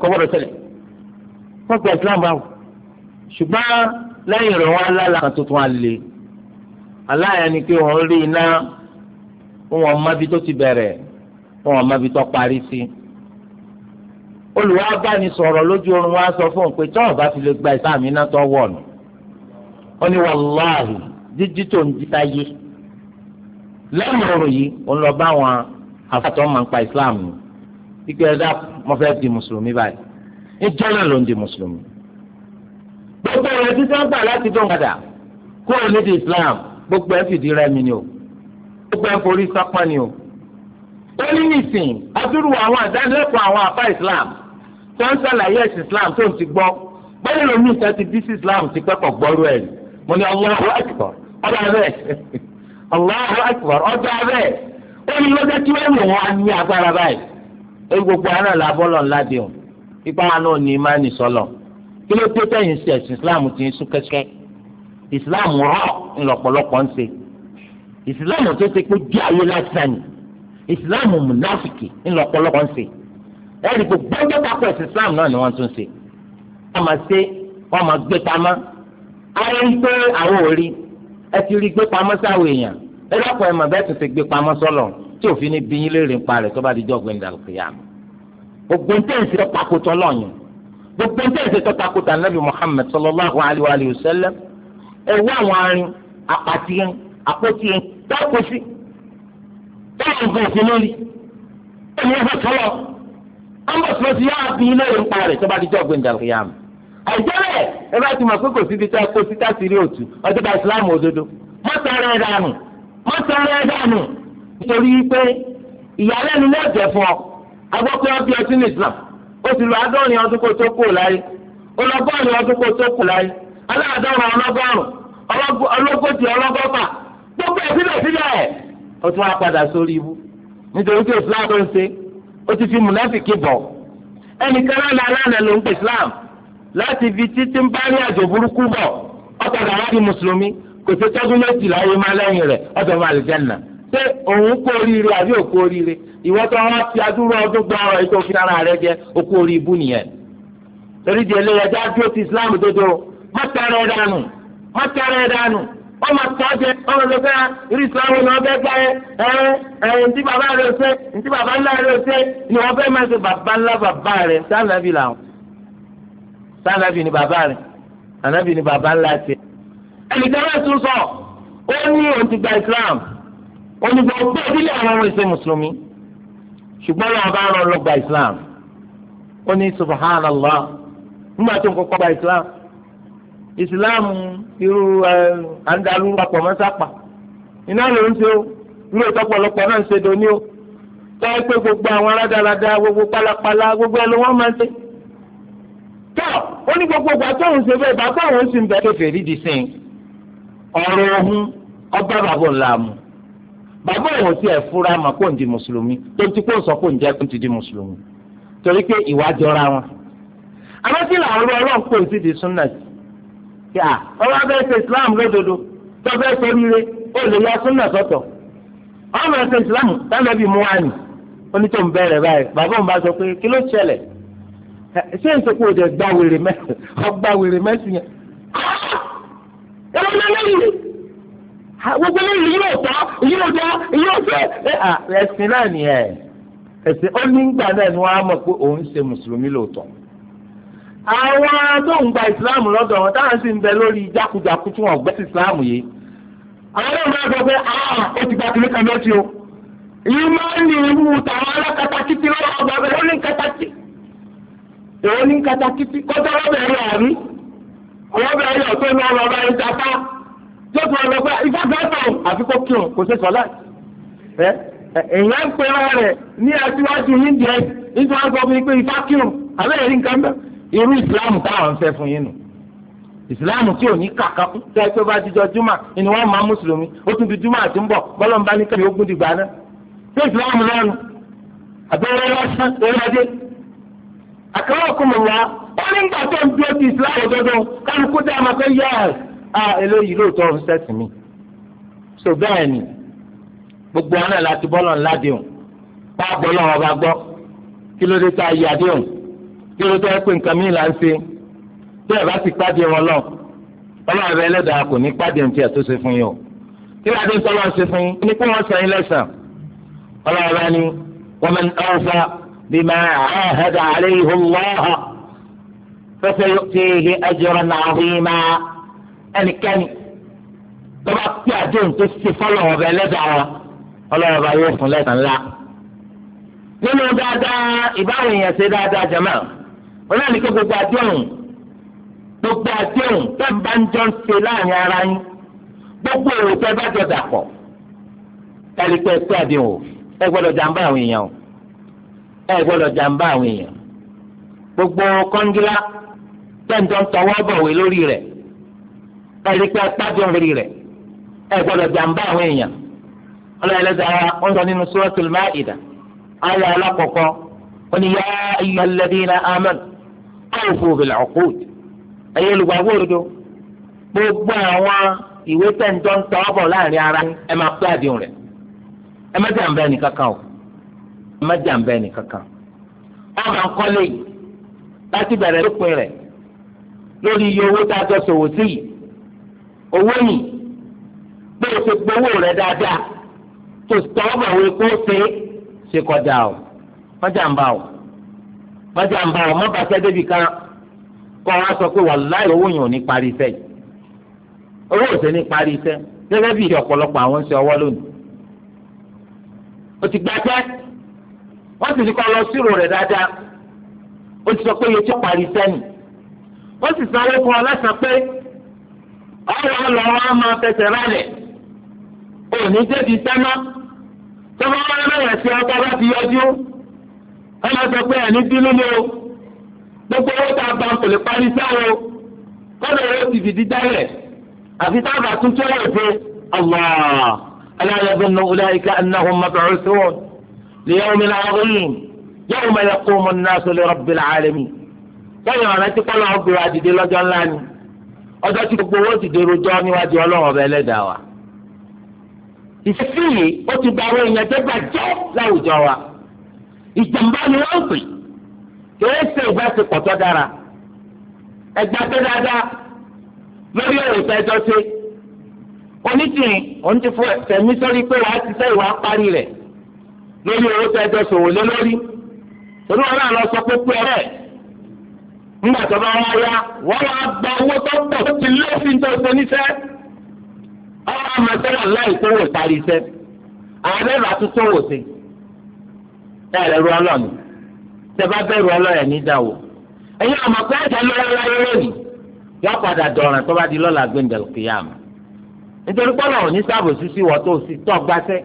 kọ́bọ̀dọ̀ ṣẹlẹ̀ wọ́n gba islam báwò ṣùgbọ́n lẹ́yìn rẹ̀ wọ́n alála kan tuntun alẹ́ aláya ni pé wọ́n rí iná wọ́n mọ́bi tó ti bẹ̀rẹ̀ wọ́n mọ́bi tó parí sí olùwàbánisọ̀rọ̀ lójú oorun wa sọ fún un pé tọ́ọ̀ bá fi lè gba ìsáàmì iná tó wọ̀ nù ó ní wàláhì jíjí tó ń jíta yé lẹ́yìn ọ̀rọ̀ yìí òun lọ bá wọn àfàtọ́ máa ń pa islam ní ìgbẹ́ dákú mo fẹ́ di mùsùlùmí báyìí ìjọ náà ló ń di mùsùlùmí. gbogbo ẹ̀rọ títí wọ́n gbà láti dùn padà kúrò ní ti Islam gbogbo ẹ̀ fìdí rẹmi ni o gbogbo ẹ̀ forí sápá ni o. ó ní nìsín adúrú àwọn àdánilẹ́kọ̀ọ́ àwọn àfa Islam tó ń sàlàyé ẹ̀sìn Islam tó ń ti gbọ́ bẹ́ẹ̀ ló ní ìta ti dí sí Islam ti pẹ́pọ̀ gbọ́rú ẹ̀ mo ní Allahu Akbar ọ̀dà bẹ́ẹ̀ Allahu Akbar ọ̀dà bẹ́ẹ̀ ó ní lọ́jọ́ tí wọ́n mú wọn ní èyí gbogbo àná la bọ́lọ̀ ńlá dé o ipa wa náà ní imáni sọlọ kí ló dé tẹ̀yìn sí ẹ̀sìn islam ti ń sún kẹ́kẹ́ islam rọ̀ ńlọ́pọ̀lọpọ̀ ń ṣe islam tó ṣe pé jẹ́ ayé lásán ni islam munafiki ńlọ́pọ̀lọpọ̀ ń ṣe ẹ̀rí gbogbo ọjọ́ kakọ̀ ẹ̀sìn islam náà ni wọ́n tún ṣe wọ́n máa ṣe wọ́n máa gbé pamọ́ ayé ń pé àwọn ò rí ẹ ti rí gbé pamọ́ sáwọn èèyàn ẹ lọ́pọ̀ ẹ̀ mọ̀ bẹ́ẹ̀ tún ṣe gbé pamọ́ sọ́lọ̀ tí òfin ní bí yín léèrè ń parẹ́ tó bá di jọ́ gbẹ̀ndà kìyàmù gbogbo ń tẹ̀sí tọ́takùtọ̀ lọ́yìn gbogbo ń tẹ̀sí tọ́takùtọ̀ anabi muhammed sallallahu alayhi wa sallam ẹ wá àwọn arin àpàtì yẹn àpótí yẹn dákò sí dáhùn fún òfin lórí ẹni ẹ fẹ́ tọ́lọ̀ ambos ló ti yá bí yín léèrè ń parẹ́ tó bá di jọ́ gbẹ̀ndà kìyàmù àìjẹ́rẹ́ ẹ bá ti mọ̀ pé kò síbi tá a kó sí tá a sì rí òtù ọjọ́ bá islam òdodo mọ́tò rẹ̀ dànù mọ́tò rẹ̀ dànù. nítorí pé ìyàlẹ́nu náà jẹ́ fún ọ agbọ́pẹ́ ọtí ní Islam ó ti lọ àádọ́rin ọdún kó tó kù láyé ó ọdún kó tó kù láyé aláàdọ́rin ọlọ́gọ́rùn ọlọ́gọ́tì ọlọ́gọ́fà gbogbo ẹ̀ sílẹ̀ sílẹ̀ ẹ̀ ó tún wá padà sórí ibú nítorí pé Islam ló ń ṣe ó ti fi mùnáfìkì bọ̀ ẹnìkan lánàá alánàá ló ń pè Islam láti fi títí ń bá ní àjò burúkú bọ̀ pé òun kú oríire àbí òkú oríire ìwọ tó wọn ti adúrú ọdún gba yìí tó fi ara rẹ jẹ òkú orí ibú nìyẹn torí di dúró ti islam dodo mọtẹrẹ dànù má dànù wọ́n máa ọmọ ah, irú islam ni ẹ ẹ ntí rẹ ntí ńlá rẹ ni ṣe ńlá rẹ ni sọ ó ní òun gba islam. olùgbòǹgbò ìdílé àwọn ọmọ ìṣe mùsùlùmí ṣùgbọ́n lọ́wọ́ bá rán lọ́gbà islam ó ní subhanallah nígbà tó ń kọ́kọ́ gba islam islam irú andalu papọ̀ mọ́sápà iná ló ń ṣe ó irú ìtọ́pọ̀lọpọ̀ náà ń ṣe dòní ó pé gbogbo àwọn aládàáradà gbogbo pálapàla gbogbo ẹ̀ ló wọ́n máa ń gbogbo ìgbà tó ń ṣe bẹ́ẹ̀ tó ń bẹ́ẹ̀ ọ̀rọ̀ ọ̀hún ọ bàbá òun ti ẹ̀ fura mà kó ń di mùsùlùmí tó ń ti kó sọ kó ń jẹ́ kó ń ti di mùsùlùmí torí pé ìwà jọra wọn. àwọn tí làwọn ọlọ́run kò sí di súnà sí kí à ọba bẹ́ẹ̀ ṣe islam lódodo tó bẹ́ẹ̀ ṣe rire ó lè ya súnà sọ́tọ̀ ọmọ ẹ̀sìn islam tálẹ́bì mú wa nì onítọ̀ ń bẹ̀rẹ̀ báyìí bàbá òun bá sọ pé kí ló ṣẹlẹ̀ ṣé n sọpọ̀ òde gbàwèrè mẹ́sìn ọgbàwèrè mẹ́sìn yẹn. Ah! gbogbo eléyìí yóò tọ́ yóò tọ́ yóò tọ́ ẹ̀sìn náà nìyẹn ẹ̀sìn ó ní gbà náà ni wọ́n á mọ̀ pé òun ṣe mùsùlùmí lóòótọ́ àwọn tó ń gba ìsìláàmù lọ́dọ̀ wọn táwọn sì ń bẹ lórí jákujàku tí wọ́n gbẹ́sì ìsìláàmù yìí àwọn náà máa sọ pé ó ti gba kìlókà lọ́tì o yìí máa ń ní irú tàwọn alákatakítí lọ́wọ́ ọgbà bẹ́ẹ̀ ó ní katakí èwo ní katakítí kọ́tà ọbẹ̀ rẹ̀ rí ọlọ́bẹ̀ rẹ̀ tó ní ọlọ́bẹ̀ rẹ̀ jáfá. tó tó lọ pé ifá gbàgbọ́ kí kò ṣe sọ ẹ èèyàn ń pera rẹ̀ ní aṣíwájú yín díẹ̀ nítorí wọn sọ fún yín pé ifá kí òun abẹ́rẹ́ rí nǹkan bẹ́ẹ̀ irú ìsìláàmù táwọn ń fẹ́ fún yín nù tí ò ní kàkà tẹ́ tó bá ni wọ́n máa mùsùlùmí ó tún àti ń bọ̀ ń bá ní kẹ́mi a ah, eléyìí lóòótọ́ ń sẹ́sìn mi so bẹ́ẹ̀ ni gbogbo àná láti bọ́lọ̀ ńlá dẹ̀hùn bá bọ́lọ̀ wọn bá gbọ́ kí ló dé tá a yà dẹ̀hùn kí ló dé pé nǹkan mìíràn ń ṣe bẹ́ẹ̀ bá ti pàdé wọn lọ ọlọ́run rẹ ẹlẹ́dàá kò ní pàdé ní tiẹ̀ tó ṣe fún yín o kí ló dé ń tọ́lọ́ ṣe fún yín ní kí wọ́n sọ yín lẹ́sàn ọlọ́run rẹ ni wọ́n mẹ́ni ọ̀fà bímọ àhẹ́dà ẹnikẹ́ni tó bá pé àdéhùn tó ṣe fọlọ́wọ́ ọbẹ̀ lẹ́dàá wọn ọlọ́wọ́ bá yóò fún lẹ́sàn-án ńlá. nínú dáadáa ìbáwọn èèyàn ṣe dáadáa jama wọn náà ní kó gbogbo àdéhùn gbogbo àdéhùn tó ń bá ń jọ ń ṣe láàrin ara yín gbogbo èrò tó bá jọ dàpọ̀ kálí pé pé àdéhùn ẹ gbọ́dọ̀ jàǹbá àwọn èèyàn o ẹ gbọ́dọ̀ jàǹbá àwọn èèyàn gbogbo kọ́ngílá tẹ̀ ń tọwọ́ bọ̀wé lórí rẹ̀ ẹ̀rí pé apádùn rí rẹ̀ ẹ̀ gbọ́dọ̀ jàǹbá àwọn èèyàn ọlọ́ọ̀lẹ́dà ń sọ nínú suratul Maida ayé alákọ̀ọ́kọ́ ó ní yá ayyuhal ladhina amanu awfu bil uqud ẹ̀yẹ olùgbàgbọ́ òdodo gbogbo àwọn ìwé tẹ̀ǹtọ́ ń tọ́ bọ̀ láàrin ara ẹ máa pé àdéhùn rẹ̀ ẹ má jàǹbá ẹnì kankan o ẹ má jàǹbá ẹnì kankan ọmọ akọ́lé láti bẹ̀rẹ̀ lópin rẹ̀ lórí iye owó tá a jọ sòwò sí yìí owó yìí pé o ti gbowó rẹ dáadáa tó kó ṣe ṣe kọjá o mọ́jà ń bá o mọ́jà ń bá o mọ́ bàtẹ́ débi kan kọ́ wa sọ pé wàláì owó yìí ò ní parí iṣẹ́ yìí owó ò sí ní parí iṣẹ́ gẹ́gẹ́ bí ọ̀pọ̀lọpọ̀ àwọn ń o ti gbàtẹ́ o ti sọ pé parí iṣẹ́ nì wọ́n ọ̀rọ̀ lọ́wọ́ á máa fẹsẹ̀ rálẹ̀ òní tẹ́bi sẹ́mọ́ tọ́ba wọn lọ́yẹ̀ sí ọkọ bá ti yọjú ọ̀nà sọ pé ẹ̀ ní bínú ni o gbogbo owó tá a bá kò lè parí sáwọ́ kọ́nà owó ti fìdí dálẹ̀ àfi táàbà tún tó wọ̀ pé Allah ألا يظن أولئك أنهم مبعوثون ليوم عظيم يوم يقوم الناس لرب العالمين. sọ́yìn ọ̀rẹ́ tí kọ́lọ́ ọ̀gbìn àdìdí lọ́jọ́ ńlá ni ọjọ́ tí gbogbo owó ti dèrò jọ níwájú ọlọ́run ọba ẹlẹ́dàá wa. ìfẹ́fẹ́ yìí ó ti darọ èèyàn tó gbàjọ́ láwùjọ wa. ìjàmbá ni wọ́n ń pè kìí ṣe ìbáṣepọ̀ tó dára. ẹgbẹ́ tó dáadáa lórí òwò tẹ́jọ́ ṣe. onítìrín òun ti fún ẹ̀mí sórí pé wàá ti sẹ́ ìwà parí rẹ̀ lórí òwò tẹ́jọ́ ṣòwò lé lórí. torí wọn náà lọ sọ pé pé ọ̀rẹ́ nígbà tó bá wá yá wọ́n wá gba owó tó pọ̀ tó ti lẹ́sìn tó ṣe níṣẹ́ ọ̀rọ̀ àmọ̀tẹ́lá láì tó wò parí iṣẹ́ àwọn ẹ̀rọ àtúntò wò sí ẹ̀rẹ̀ ru ọlọ́ọ̀nù tẹ́fà bẹ̀rù ọlọ́ọ̀yẹ̀ ní ìdáwó ẹ̀yin àmọ̀tẹ́ ẹ̀jẹ̀ lọ́wọ́ láyé lónìí yọ padà dọ̀ràn tó bá di lọ́la gbẹ̀ndẹ̀lùkìyàmù nítorí pọ́lọ̀ ò ní sáàbò sísí wọ́n tó sí tó gbáṣẹ́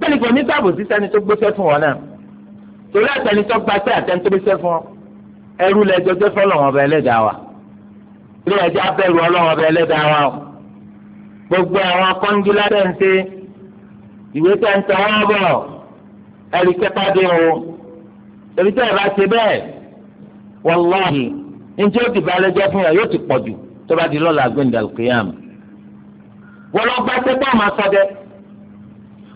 bẹ́ẹ̀ ni kò ní sáàbò sísẹ́ni tó gbéṣẹ́ fún wọn náà torí àtẹni tó gbáṣẹ́ àtẹni tó gbéṣẹ́ fún wọn ẹrú lẹjọ jẹ fọlọ́wọ́n ọba ẹlẹ́dàá wa ilé ẹjọ́ abẹ́rù ọlọ́wọ́n ọba ẹlẹ́dàá wa o gbogbo àwọn akọ́ngilá dẹ̀ ń ṣe ìwé tẹ̀ ń tẹ̀ wọ́n bọ̀ ẹ̀rí kẹta dé o èmi tẹ̀ bá ṣe bẹ́ẹ̀ wàláhì njẹ́ ó ti bá lẹ́jọ́ fún yà yóò ti pọ̀ jù tó bá di lọ́la gbẹ̀ndàlùkìyàm wọ́n lọ gbá pé pọ́ọ̀mù asọ́dẹ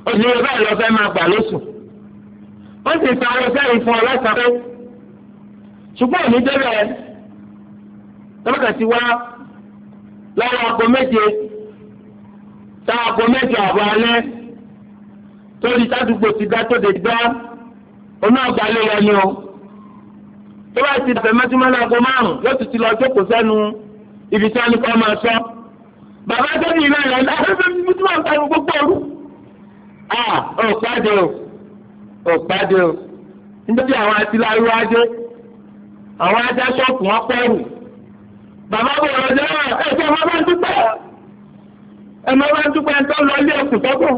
òṣèlú báyìí lọ fẹ́ máa gbà lóṣù wọ́n sì sọ àwọn sẹ́yìn fún ọ lọ́sàn-án ṣùgbọ́n òní débẹ̀ tọ́lọ́kà ti wá láwọn aago méje táwọn aago méje àbọ̀ alẹ́ torí sádùúgbò ti dá tó de gbá oní ọgbà lé wọn o tó bá ti dàbẹ̀ mẹ́tìmọ́ ní aago márùn-ún yóò tún ti lọ jókòó sẹ́nu ibi tí wọ́n ní kọ́ máa sọ. bàbá tó ní ìlànà ẹ̀ náà fẹ́ẹ́ fi tí wọ́n ń pariwo gbogbo ọ̀rú. à ah, ò o ò pàdé o nítorí àwọn àti láyé wájú. àwọn ajá ṣọ́ọ̀kù wọn pẹ́rù bàbá bò wọ́n ọ bụ ọmọ bá ń dúpẹ́ ẹ̀mọ bá ń dúpẹ́ tó lọ ilé ẹ̀kú tọ́kọ̀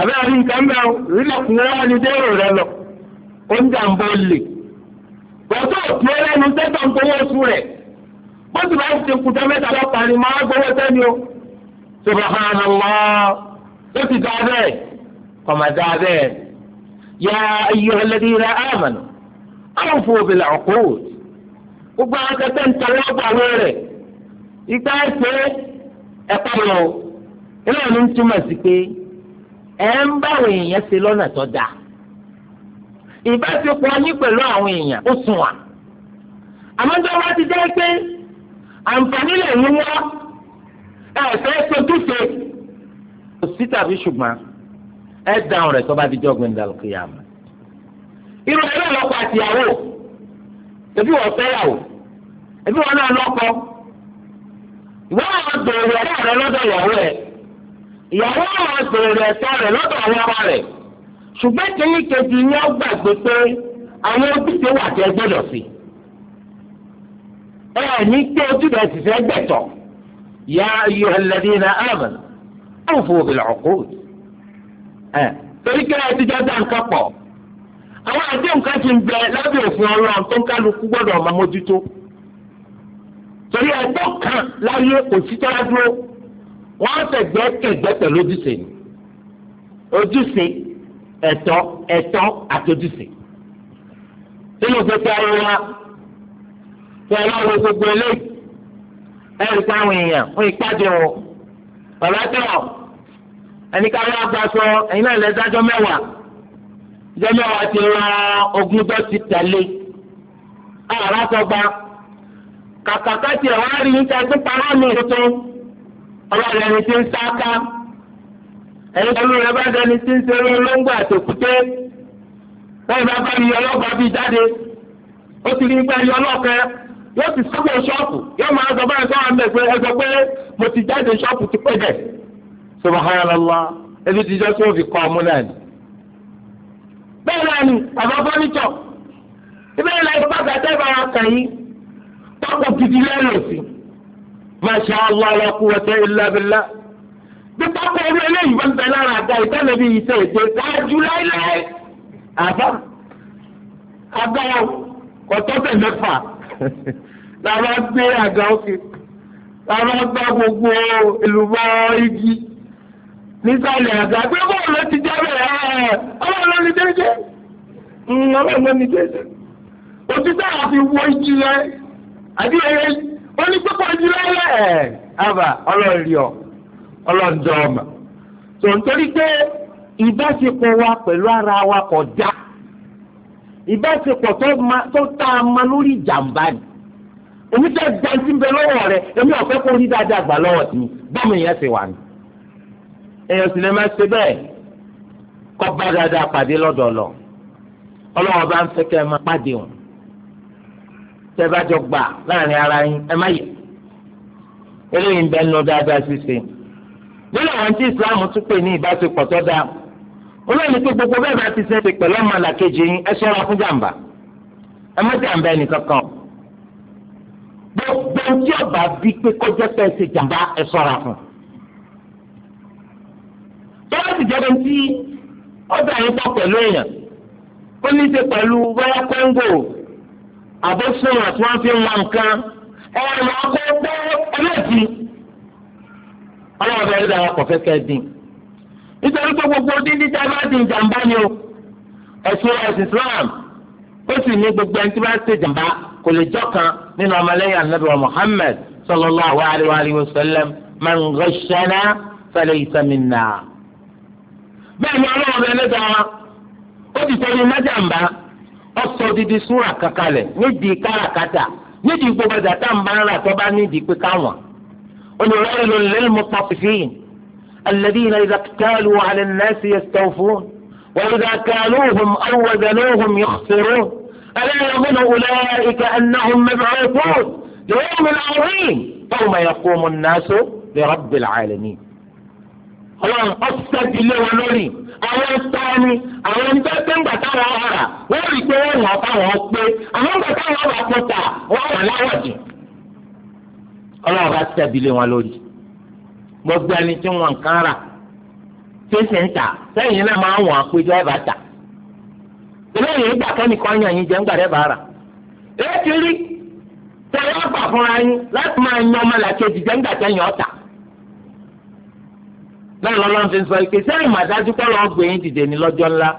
àbẹ́ àrí nǹkan bẹ́ẹ̀ rílẹ̀kùn wọn wà dérò rẹ lọ oúnjẹ à ń bọ̀ lè wọ́tọ̀ òkú ẹlẹ́nu tẹ́tọ̀ ń gbowó oṣù rẹ̀ bó ti bá ń ṣe kùtà mẹ́ta lọ́pàá ni máa gbowó sẹ́ni o bẹ́ẹ̀ awfu bil uqud gbogbo àwọn akẹ́kẹ́ ń tọwọ́ gbà wẹ́rẹ̀ ìgbà ẹ̀sẹ̀ ẹ̀kọ́ lọ ilé ìlú ń túmọ̀ sí pé ẹ̀ ń bá àwọn èèyàn ṣe lọ́nà tó dáa ìbáṣepọ̀ yín pẹ̀lú àwọn èèyàn ó sùn wà àmọ́ tó wá ti jẹ́ pé àǹfààní lè ní wá ẹ̀fẹ́ sojúṣe kò sí tàbí ṣùgbọ́n ẹ̀ dáhùn rẹ̀ tó bá di jọ́gbìn dàlùkìyàmù irú ẹgbẹ́ ọlọ́kọ àtìyàwó ẹbí wọ́n fẹ́ yàwó ẹbí wọ́n náà lọ́kọ ìwọ́n àwọn gbèrè ẹ̀rọ rẹ lọ́dọ̀ ìyàwó ẹ̀ ìyàwó àwọn gbèrè ẹ̀tọ́ rẹ lọ́dọ̀ àwọn ọmọ rẹ̀ ṣùgbọ́n kìíní kejì ni ó gbàgbé pé àwọn ojúṣe wà tẹ́ gbọ́dọ̀ sí ẹ ní pé ojúṣe ti fẹ́ gbẹ̀tọ̀ yá ayé ẹlẹ́dínlá àmàlà àwòfò òbí àwọn àdéhùn kan ti ń bẹ lábẹ́ òfin ọlọ́run tó ń kálukú gbọ́dọ̀ ọmọ mójútó torí ẹgbẹ́ kan láyé kò sí tọ́lá dúró wọ́n tẹ̀gbẹ́ kẹ̀gbẹ́ pẹ̀lú ojúṣe ni ojúṣe ẹ̀tọ́ ẹ̀tọ́ àti ojúṣe nínú pẹpẹ ayélujára tí ẹ lọ́ọ́ lo gbogbo eléyìí ẹ rí sáwọn èèyàn fún ìpàdé wọn bàbá tẹ̀ ọ́ ẹni ká lọ́ọ́ gbà sọ ẹ̀yin náà lẹ́dájọ́ mẹ́wàá. jẹ́mẹ́ wa ti ran ogún tó ti tẹ̀lé ara gba kàkàkà tí ẹ̀ wá rí níta tó parọ́ mi tó ọlọ́run ẹni tí ń sáká ẹni tó lóore bá dẹni tí ń seré olóńgbò àtòkúté bẹ́ẹ̀ bá bá yọ ọlọ́pàá bíi jáde ó ti rí gbá yọ ọlọ́pàá yóò ti sọ́kò ṣọ́ọ̀pù yóò máa sọ báyìí pé mo ti jáde ṣọ́ọ̀pù ti pẹ́ ti ni bàbá fọ́nìṣọ̀ ìbéèrè láì bá bàtà ìbára kàn yín tọ́kù gidi lẹ́nu òsì masha allah la quwwata illa billah bí tọ́kù orí eléyìí bá ń bẹ lára àga ìtẹ́lẹ̀ bí iṣẹ́ èdè wájú láíláí àbá agbára ọ̀tọ́tẹ̀ mẹ́fà làbá gbé àga òkè làbá gbá gbogbo èlùbọ́ igi nísàlẹ̀ àga gbé bọ́ọ̀lù ti jẹ́ bẹ̀rẹ̀ ọlọ́run ló ní déédéé. ọlọ́run ní jẹ́sẹ̀ òtítọ́ àti wọ ìjìnlẹ̀ àbí ẹ̀rẹ́ onípẹ́pọ̀ ìjìnlẹ̀ ẹ̀ àbà ọlọ́run rí ọmọ tó ń torí pé ìbáṣepọ̀ wa pẹ̀lú ara wa kò já ìbáṣepọ̀ tó tá ma lórí ìjàmbá ni èmi tẹ́ jantí bẹ lọ́wọ́ rẹ èmi ọ̀fẹ́ kó rí dáadáa gbà lọ́wọ́ sí mi bọ́ọ̀mù yẹn ti wà ní. èèyàn sì lè má ṣe bẹ́ẹ̀ kọ́ bá dáadáa pàdé ọlọ́wọ́ bá ń fẹ́ kẹ́ ẹ máa pàdé òun tẹ́ bá jọ gbà láàrin ara yín ẹ má yẹ eléyìí ń bẹ nínú dáadáa ṣíṣe nínú àwọn tí islam tún pè ní ìbáṣepọ̀ tó dáa olóyìn pé gbogbo bẹ́ẹ̀ bá ti sẹ́ẹ̀tì pẹ̀lú ọmọ làkejì yín ẹ ṣọ́ra fún jàǹbá ẹ má jàǹbá ẹnì kankan gbogbo tí ọba bí pé kọjá pẹ́ ṣe jàǹbá ẹ ṣọ́ra fún tọ́lá ti jẹ́ bẹ́ẹ̀ tí ọjà yín pọ̀ pẹ̀lú èèyàn ó ní í ṣe pẹ̀lú bóyá kóńgò àbóṣùnà tí wọ́n fi ń wọ nǹkan ẹ̀rọ ọkọ̀ pé ẹlẹ́ẹ̀dì ọlọ́run bẹ̀rẹ̀ dára kọ̀ fẹ́kẹ́ dín nítorí pé gbogbo dídí tí a bá dín jàǹbá ni o ẹ̀sùn ẹ̀sìn Islam ó sì ní gbogbo ẹni tí bá ṣe jàǹbá kò lè jọ́kan nínú ọmọlẹ́yìn anabi wa Muhammad sallallahu alayhi wa sallam ó ti sẹ́ni májàmbá ọ̀sọ̀ dídí súrà kankalẹ̀ nídìí káràkátà nídìí gbogbo ọjà tá à ń bá rà tó bá nídìí pé káwọn. olùrẹ́lẹ̀ lẹ́lẹ́ mọ́ pàfífín الذين إذا اكتالوا على الناس يستوفون وإذا كالوهم أو وزنوهم يخسرون ألا يظن أولئك أنهم مبعوثون ليوم عظيم يوم يقوم الناس لرب العالمين. الله قصت إلا ونوري àwọn ìtaani àwọn ìtọ́jú gbàtà táwọn ọ̀rà wọ́n rí i pé wọ́n wọ́n fáwọn pé àwọn gbàtà táwọn ọ̀rà kò tà wà láwọ̀ jù. ọlọ́run bá tẹ̀bílé wọn lórí gbogbo ẹni tí wọn kàn rà tí ń tà sẹ́yìn náà máa wọ̀n tà. ìlẹ́yìn ìgbà yàn yín náà lọ́lọ́run fi sọ ike sẹ́yìn màdájú kọ́ lọ́ọ́ gbé dìde ní lọ́jọ́ ńlá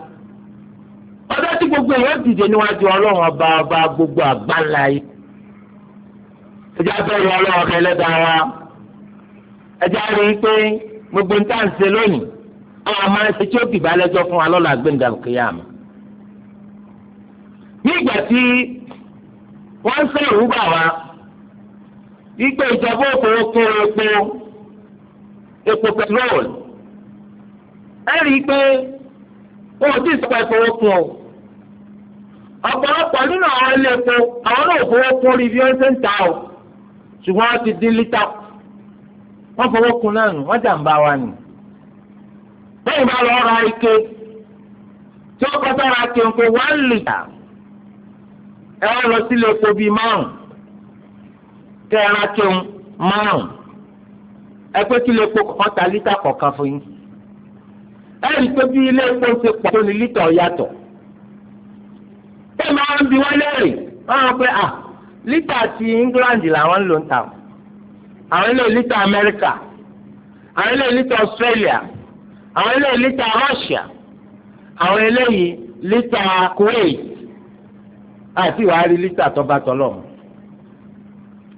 ọjọ́ tí gbogbo èèyàn dìde níwájú ọlọ́run ọba gbogbo àgbáńlá yìí ẹjẹ́ abẹ́rù ọlọ́run ọba ẹlẹ́dàá wa ẹjẹ́ àrí pé gbogbo ń lónìí àwọn tí ó bìbá lẹ́jọ́ fún wa lọ́la kìyàmù. ní ìgbà tí wọ́n ń epo pẹtrol ẹ rí i pé wọn ò tí ì sọpọ ẹ̀fọ́ fún ọ ọ̀pọ̀lọpọ̀ nínú àwọn ilé epo àwọn náà fowó kún rí bí wọ́n ṣe ń ta ọ ṣùgbọ́n wọ́n ti dín lítà wọ́n fowó kún náà nù wọ́n jàǹbá wa nù bẹ́ẹ̀ bá lọ ra ike tí ó kọjá ra kéńkó one litre ẹ wá lọ sílé epo bíi márùn kẹ́ ẹ ra kéwọn márùn ẹ pé kí lè po kọ́kọ́ ta lítà kọ̀ọ̀kan fún yín ẹ rí i pé bí ilé epo ṣe pọ̀ tó ní lítà ọ̀yàtọ̀ ẹ máa ń bi wọ́n lẹ́rì wọ́n á pé à lítà ti England làwọn ń lò ń ta àwọn ilé lítà Amẹ́ríkà àwọn ilé lítà Australia àwọn ilé lítà Russia àwọn eléyìí lítà Kuwait àti ìwà rí lítà tọ́ba tọ́lọ̀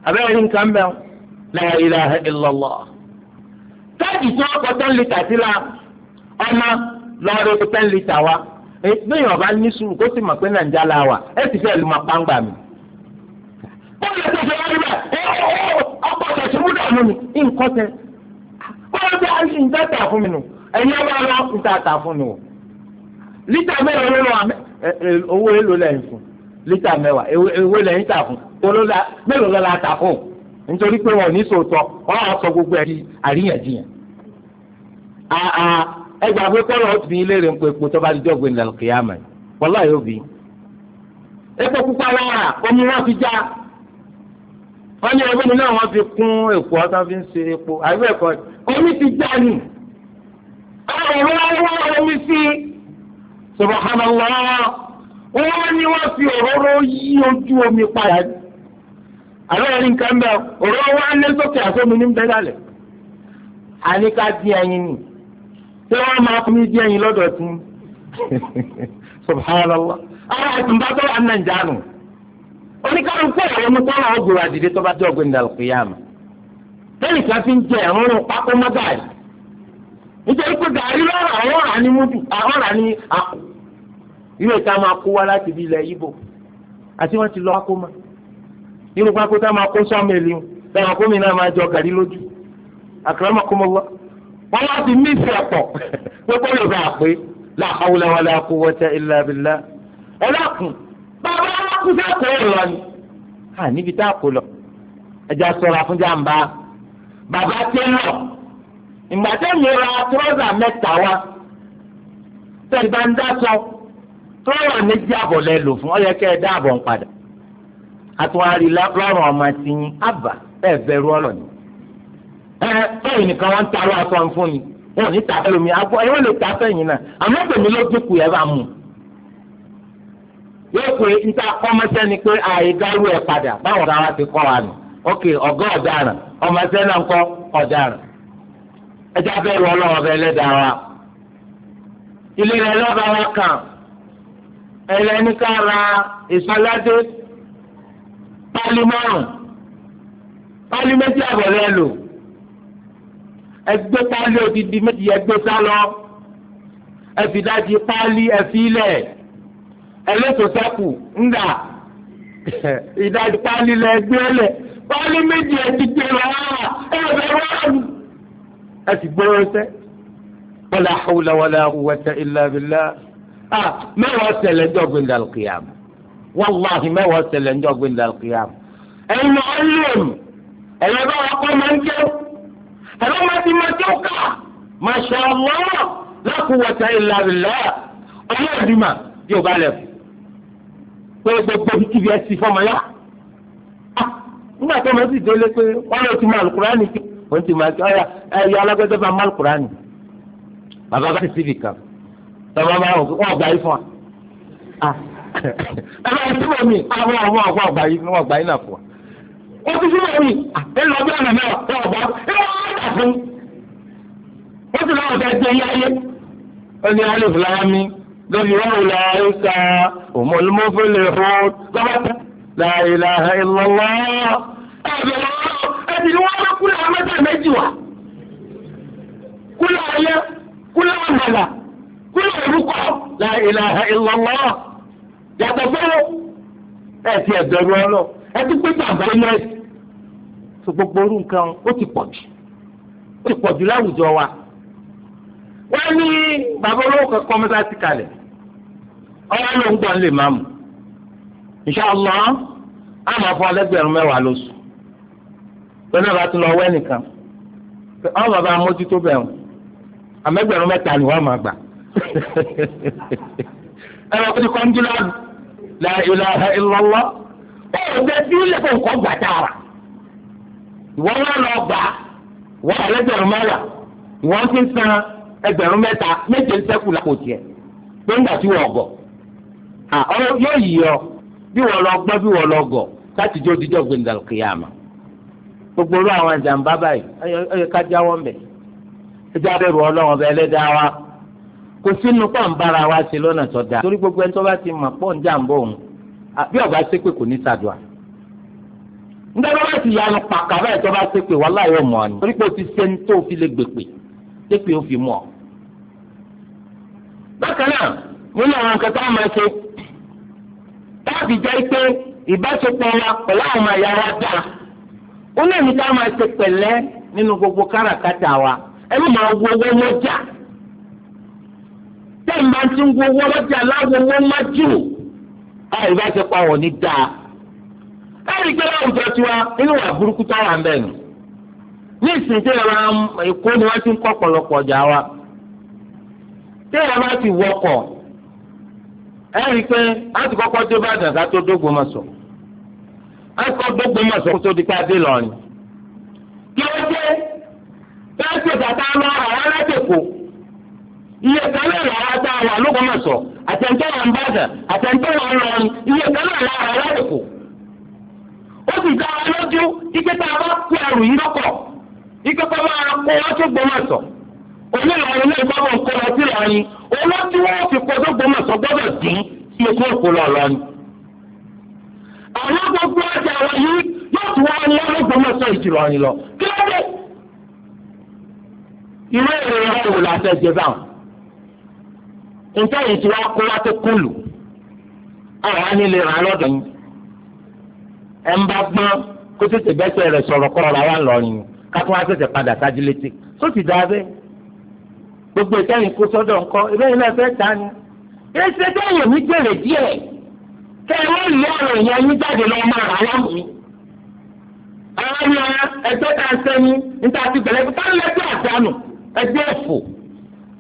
abẹ́rẹ́ nǹkan bẹ́ẹ̀ la ilaha illallah táàgì tí wọ́n kọ ten litre sí la ọmọ lọ́ọ̀rẹ́ kó ten litre wa lóyún ọba ní sùúrù kó sì mọ̀ pé nàìjà la wà ẹ sì fẹ́ lu ma pàǹgbà mi. bọ́ọ̀lù ẹ̀sẹ̀ ṣe wá níbẹ̀ ọkọ̀ ọ̀sẹ̀ ṣubú dànù ni nǹkan tẹ bọ́ọ̀lù bí a ń ṣe ń tà fún mi nù ẹ̀yin ọba lọ ń tà tà fún mi o. lítà mẹ́rin ló lọ owó èlò lẹ́yìn fún lítà mẹ́wàá ewé lẹ́yìn tà fún mélòó lọ́la tà fún o nítorí pé wọn ò ní sòótọ́ wọn á sọ gbogbo ẹ̀ di àríyànjiyàn. ẹgbẹ́ afẹ́kọ́rọ̀ ó bí ilé rẹ̀ ń pe epo tó bá di dọ́gbìn ní alùkìyàmà wọlá yóò bí. epo pupa lára omi wọn fi já wọn ní ọgbẹ́ni náà wọ́n fi kún èpo ọ̀sán fi ń ṣe epo àbẹ́ ẹ̀kọ́ omi ti já ni ọ̀rọ̀ ọ̀rọ̀ omi sí subhanallah wọn ni wọ́n fi òróró yí ojú omi padà àbẹ́rẹ́ nǹkan bẹ́ẹ̀ òró wa ń sókè àsómi ní bẹ́ẹ̀ àníká di ẹyin ni tí wọ́n máa fún di ẹyin lọ́dọ̀ tún subhanallah ara àtúntà tó wà nàìjánu oníkàlùkù ẹ̀rọ mú tọ́lá ọgbọ̀rọ̀ àdìdé tó bá dé ọgbẹ́ ndàlùkìyàmù lẹ́yìn kan fi ń jẹ àwọn ọ̀rùn pákó mọ́ gàrí nítorí pé gàrí lọ́rọ̀ àwọn ọ̀rà ni múdù irú pákó tá a máa kó sọ́ọ̀mẹ́lì táwọn kómi náà máa jọ gàrí lójú akramakumullah wọn láti mí ìfẹ́ pọ̀ pé kó lè bá pé la hawla wala quwwata illa billah ẹ lọ́kùn bàbá alákùnfẹ́ kò lọ ni à níbi tá a kò lọ ẹja sọ̀rọ̀ àfúnjàmbá bàbá tẹ́ lọ ìgbà tẹ́mi ra tírọ́zà mẹ́ta wá tẹ̀lé bá ń dá sọ tírọ́zà méjì àbọ̀ lẹ́ lò fún ọ yẹ kẹ́ ẹ dá àbọ̀ ń padà àtúwárí lọ́rùn ọmọ ti yín àbà ẹ bẹ̀rù ọ̀rọ̀ ni. ẹ bẹ́ẹ̀ nìkan wọ́n ń ta lọ́wọ́ sọ fún mi wọn ò ní ta fẹ́lómi àgbọ̀ ẹ wọ́n lè ta fẹ́yìn náà àmọ́ tèmi ló dínkù ẹ bá mú. yóò pé níta kọ́mọṣẹ́ ni pé ààyè dárú ẹ padà báwọn ará ti kọ́ wa nù ok ọ̀gá ọ̀daràn ọmọṣẹ́ náà ń kọ́ ọ̀daràn. ẹ bẹ́ẹ̀ ra ìsọládé pálí márùn pálí méjì àbọ̀ rẹ lò ẹgbẹ́ pálí odidi méjì ẹgbẹ́ sálọ ẹfìdájì pálí ẹfìlẹ̀ ẹlẹ́sọ̀sẹ́kù ńdà ìdájì pálí lẹ ẹgbẹ́ lẹ pálí méjì ẹdíje rárá ẹ̀rọ rárá ẹ sì gbọ́rọ̀ sẹ́ wala hawla wala quwwata illa ah mẹ́wàá sẹlẹ̀ dọ́gbìn dàlùkìyàmù wàláhì mẹ́wàá ṣẹlẹ̀ ń jọ́gbìn lẹ́kìyàm. ẹ̀yin ló ń lò mí ẹ̀yin bá wà kọ́ máa ń jẹ́ ẹ̀rọ máa ti máa jẹ́ ká masha Allah la quwwata illa billah ọlọ́ọ̀dìmà yóò bá lẹ̀ pé gbogbo kíkiri ẹ̀ sì fọmọ yá. nígbà tó máa sì délé pé wọ́n lọ ti máa alukurani kí wọ́n ti máa ọ̀yà ẹ̀yà alágbẹ́dẹ́ bá máa alukurani. bàbá bá ti síbi kan tọ́ ẹ̀rọ ìtumọ̀ mi àwọn ọmọ ọgbà ọgbà yìí ni wọ́n gbà yín náà fún wa. ó ti fún mi ẹ̀rọ ọgbà ọ̀nà náà wọ́n ọgbà ẹ̀rọ ọgbà fún mi. ó ti láwọn ọ̀gá ẹgbẹ́ yáyé. ó ní alẹ́ fúláwá mi lórí ọ̀rọ̀ ìlà ẹ̀ka òmùlùmọ́fẹ́lẹ̀ fún lọ́wọ́tà láìlà ìlọ́wọ́. ẹ̀bẹ̀ ni wọ́n bá kúlẹ̀ ọmọdé méjì wá. kúlẹ̀ ayé kúlẹ̀ ọ̀nàlà kúlẹ̀ ìrúkọ láìlà ìlọ́wọ́ yàtọ̀ sọ́wọ́ ẹ̀ ti ẹ̀bẹ̀rù ọlọ ẹ ti pé bàbá ilé ẹ̀ tó gbogbo orú nǹkan ó ti pọ̀ jù ó ti pọ̀ jù láwùjọ wa wọ́n ní bàbá olówó kan kọ́ mọ́sáàtì kalẹ̀ ọ̀rọ̀ ló ń gbọ́n lè máa mú ìṣàlọ́ àmọ́ fún ọlẹ́gbẹ̀rún mẹ́wàá lóṣù lọ́nà bá tún lọ wẹ́ nìkan ọ̀rọ̀ bàbá amójútó bẹ̀rù àmẹ́gbẹ̀rún mẹ́ta ni wọ́n máa gbà ẹ̀rọ kí ni la ilaha illallah ọ̀gbẹ́ bí ó lè fọ gbà wọ́n lọ gbà wọ́n wọ́n ti san ẹgbẹ̀rún mẹ́ta méje sẹ́kù lápò tiẹ̀ pé ńgbà tí wọ́n gọ̀ yóò yí ọ bí wọ́n lọ gbọ́ bí wọ́n lọ gọ̀ láti jó kò sínú pọ́n bára wa ṣe lọ́nà tó dáa torí gbogbo ẹni tó bá ti mọ̀ pọ́n jà ń bọ̀ òun bí ọba kò ní sàdùà nígbà tó bá ti yanu pàkà báyìí tó bá ṣépè wàhálà yóò mọ̀ ọ́ ni torí pé o ti ṣe tó fi lè gbèpè fi mọ̀ bákan náà nínú àwọn wa pẹ̀lú àwọn wa bẹ́ẹ̀ máa ti ń gbowó ọlọ́jà láwọn owó má jù àì bá ti pa wọ́n ní dáa. láì gbé láwùjọ tiwa inú wà burúkú táwa ń bẹ̀ nù. ní ìsìn tí ìrora èkó ni wọ́n ti ń kọ́ pọ̀lọpọ̀ ọjà wa. tí ìrora bá ti wọkọ̀ ẹ rí i pé a ti kọ́kọ́ dé Ìbàdàn ká tó dógbò mọ̀ sọ. a ti kọ́ dógbò mọ̀ sọ kó tó di ká dé lọ́rin. kí ló dé? bẹ́ẹ̀ ṣe bàtà lọ àwọn iye kan náà lọ́wọ́ tá a wà lókòmọ̀sọ̀ àtẹ̀ntẹ́ wà ń bàdàn àtẹ̀ntẹ́ wà ń lọrin iye kan náà lọ́wọ́ aláàbòkò. ó sì dá wa lójú ike tá a bá pé ẹrù yìí lọ́kọ̀ ike tó máa kó wọ́n tó gbọmọ̀sọ̀ onílọrin náà gbọ́dọ̀ ń kó lọ sí lọrin owó tí wọ́n fi kó tó gbọmọ̀sọ̀ gbọ́dọ̀ dín sí ikú òkú lọ lọrin. àwọn gbogbo ọjà wọn yìí yóò tún wọn ní ọlọ́gbọmọ̀sọ̀ ìjìlọrin lọ kí ló dé. ìwé ìròyìn ọ̀hún làṣẹ jẹ báwọn nta yìí ti wá kó wá tó kúlù àwọn anílè rà lọ́dọ̀ yín ẹ ń bá gbọ́n kó tètè bẹ́sẹ̀ rẹ̀ sọ̀rọ̀ kọ́ ọ̀rọ̀ wa lọ́rin kátó wá tètè padà sájú létí tó ti dáa bẹ́ẹ̀ gbogbo ìtẹ́yìn kó sọ́dọ̀ ńkọ́ ìbéyìí náà fẹ́ ta ni ẹsẹ̀ tẹ́yìn mi jèrè díẹ̀ kẹ́ ẹ wọ́n lé ọ̀rọ̀ yẹn yín jáde lọ́wọ́ máa rà wọ́n mi àwọn ni ẹgbẹ́ ta ń sẹ́ni níta ti bẹ̀rẹ̀ pé ká lẹ́gbẹ́ àdánù ẹgbẹ́ òfò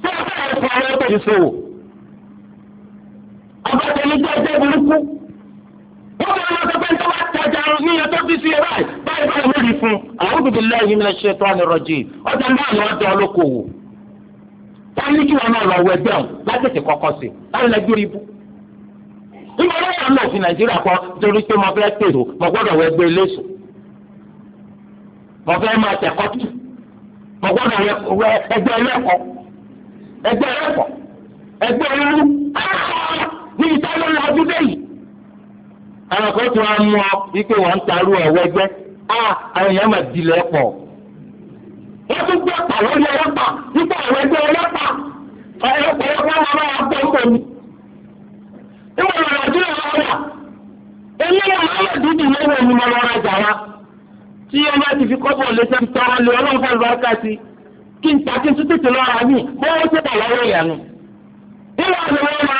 tí wọ́n fẹ́ẹ́ fọ àwọn ọ̀tọ̀ ìṣòwò ọbẹ̀tẹ̀lẹ̀ jẹ́ ẹgbẹ́ burúkú. wọ́n bá wọn sọ pé ní wọ́n tajà ní iye tó fi sí ẹ báyìí báyìí báyìí lórí fún a'udhu billahi minash shaitani rajim ọjà náà ni wọ́n dán olókòwò. táyé kí wọn náà lọ wọ ẹgbẹ́ ọ̀hún látẹ̀tẹ̀ kọ́kọ́ sí láti lọ gbérí ibú. nígbà wọn yà ń lọ sí nàìjíríà kọ torí pé mo fẹ́ tèrò mo gbọ́dọ̀ wọ ẹgbẹ́ iléṣù mo fẹ́ máa tẹ̀kọ́ tù mo gbọ́dọ̀ wọ ẹgbẹ́ ẹlẹ́kọ̀ọ́ ẹgbẹ́ ẹlẹ́kọ̀ọ́ ẹgbẹ́ ẹlẹ́kọ̀ọ́ bẹ́yì àwọn kan tó wá mú ọ wípé wọ́n ń tarú ọ̀wọ́ ẹgbẹ́ á àwọn èèyàn máa pọ̀ wọ́n tún gbé ọ̀pá lórí ọlọ́pàá nípa àwọn ẹgbẹ́ ọlọ́pàá ọ̀pọ̀lọpọ̀ wọn máa gbọ́ ń bọ̀ níwọ̀n dúró eléyà ni mo jà wa tí bá ti fi lé ọlọ́pàá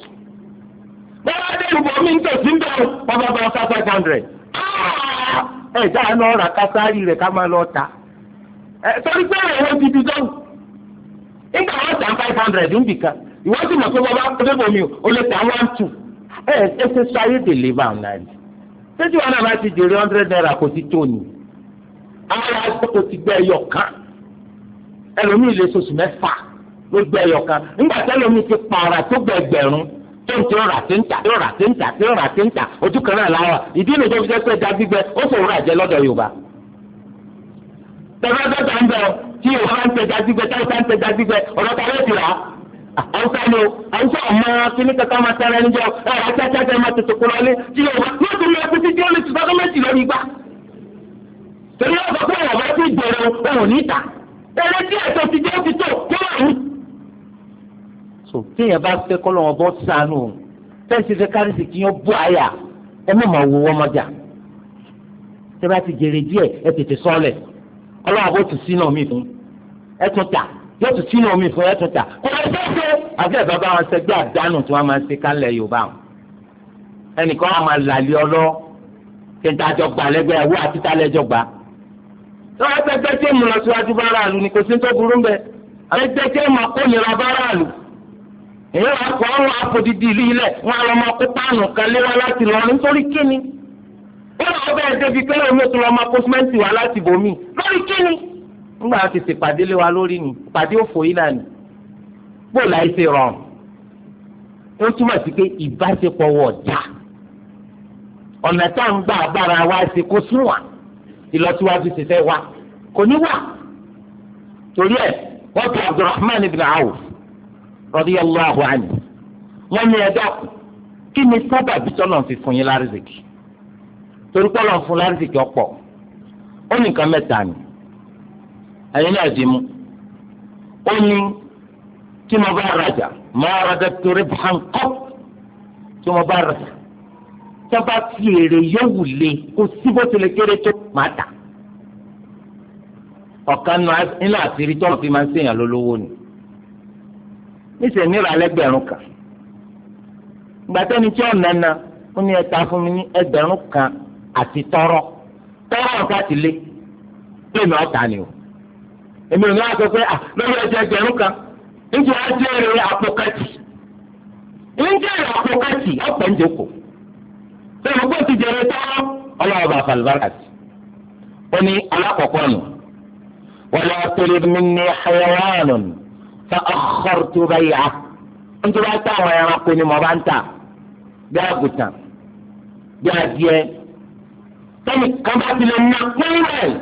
bọ́lá dé ìbò mi ń tòsí ń bẹ̀rù bàbá bá ọ̀sá five hundred. Ah! ẹ dáa lọ rà kásárì ah ká máa lọ ta. ẹ sọrí pé ẹ̀rọ ti di dánwò. nígbà wọn tà five hundred ń bì kan ìwọ́n sì mọ̀ pé bàbá ọdẹ́bọ̀ mi ò lè tà one two. ẹ ẹ ṣe sọ ayé bá àwọn náà rí. wọn náà bá ti jèrè hundred naira kò ti tó ni. àwọn ti gbẹ ẹyọ kan. ẹlòmíì lè mẹ́fà ló gbẹ ẹyọ kan. tó tenta, tí tenta, rà tenta. ń tà tí ó rà tí ń tà tí ó rà tí ń tà ojú kan náà láwà ìdí nìjọ fi jẹ pé ẹja gbígbẹ ó fòun rà jẹ lọ́dọ̀ Yorùbá. tẹ̀fẹ́ dọ́ta ń bẹ̀ tí Yorùbá ń tẹja gbígbẹ táyìsá ń tẹja gbígbẹ ọ̀rọ̀ ta ló ti rà á. àwùjọ ni o àwùjọ ọmọ kíní kankan máa tẹ́lẹ̀ níjọ ẹ̀ ẹ̀ tẹ́tẹ́ máa tètè kúrọ́ lé tí Yorùbá yóò tún lọ títí tí o lè tún sọ́kọ́ méjì lórí igbá torí ọ̀sán fún ọ̀rọ̀ bá ti ti jẹ́ ti so tíyẹn bá fẹ́ kọ́ lọ́wọ́ bọ́ sànù fẹ́ǹsì fẹ́ kárìsì kí yẹn bú àyà ẹ má máa wo wọ́n mọ́jà tẹ́ bá ti jèrè díẹ̀ ẹ tètè sọ́ọ̀lẹ̀ ọlọ́wọ́ bó tù sínú mi fún ẹ tún tà yóò tún sínú mi fún ẹ tún tà kò lè sẹ́sẹ́ àti ẹ̀ bàbá wọn sẹ́gbẹ́ àdánù tí wọ́n máa ṣe kálẹ̀ Yorùbá wọn ẹnìkan wọn máa làlẹ́ ọlọ́ kẹta àjọgbà lẹ́gbẹ́ ẹ̀wọ́ àti tálẹ́ ẹjọgbà lọ́wọ́ ẹgbẹ́ tẹ́ mú lọ síwájú báráàlú ni kò sí ní tó burú ń bẹ ẹgbẹ́ tẹ́ kó nira báráàlú èyí wàá kọ́ ọ́n wàá ìlú ilẹ̀ wọn ọmọ kó páànù kan lé wá láti lọ nítorí kíni wọn àwọn bẹ́ẹ̀ débi pé omi òtún lọ́mọ kó símẹ́ǹtì wá láti bòmí lórí kíni tètè pàdé lé wa lórí ni pàdé òfò yìí náà ni bó ṣe rọrùn ó túmọ̀ sí radiyallahu anhu wọ́n ní ẹ̀dá kí ni sábàbí tọ́lọ̀ fi fún yín lárísìkì torí pọ́lọ̀ fún lárísìkì ọ̀pọ̀ ó ní nǹkan mẹ́ta ni ẹ̀yin náà dì mú ó ní tí mo bá rajà máa rajà torí bàǹkọ́ tí mo bá rajà tí a bá fi èrè yóò lé kó síbó tilẹ̀ kéré tó máa tà ọ̀kan nínú àṣírí tọ́lọ̀ fi máa ń ṣèyàn lólówó ni níṣẹ́ ní ìrànlẹ́ gbẹ̀rún kan gbàtẹ́ni tí ọ̀nà na ó ní ẹ̀ta fún mi ní ẹgbẹ̀rún kan àti tọ́rọ́ tọ́rọ́ ọ̀ká ti lé lónìí ọ̀tá ni o èmi ò ní wá sọ pé à ah, lórí ẹsẹ̀ ẹgbẹ̀rún kan níjẹ́ wá jẹ́ èrè àpò kẹ́tì níjẹ́ èrè àpò kẹ́tì ọ̀pẹ̀ ń ti jẹrẹ ọlọ́wọ́ bá ó ní alákọ̀ọ́kọ́ nù ní ta ọkọ̀rọ̀ tó bá yà á ń tó bá tà àwọn ẹranko ni mo bá ń tà bí àgùntàn bí adìẹ tẹ́lẹ̀ kan bá ti lè na pínlẹ̀ báyìí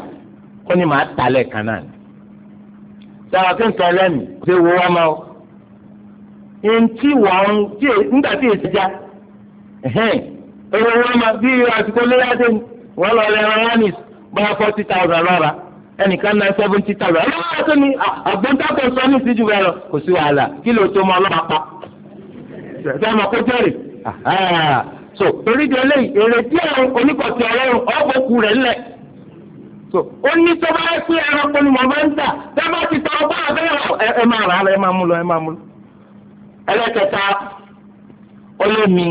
ó ní màá tà lẹ́ẹ̀kan náà ni. sọ̀rọ̀ kí n kàn lẹ́nu ṣé wo wá máa tí nígbà tí èsì já èrò wọn máa bí àsìkò léyà dé ni wọ́n lọ lẹ́ran wọn ní bá forty thousand lọ́ra ẹnìkan náà seventy thousand ẹ lọ́wọ́ tó ní àgbọ̀ntàkọ̀ sọ ní ìsíjú bẹ́ẹ̀ lọ kò sí wàhálà kí ló tó mọ ọlọ́wọ́ pa ṣe mọ kó jẹ́rì so torí di eléyìí èrè díẹ̀ oníkọ̀tì ọlọ́run ọ̀pọ̀ kù rẹ̀ ńlẹ̀ so ó ní sọ́ba ẹ pé ẹranko ni mo máa ń tà sábà ti tọ́ ọgbà abẹ́rẹ́ ẹ máa rà ẹ máa mú lọ ẹ máa mú lọ ẹlẹ́kẹta olómi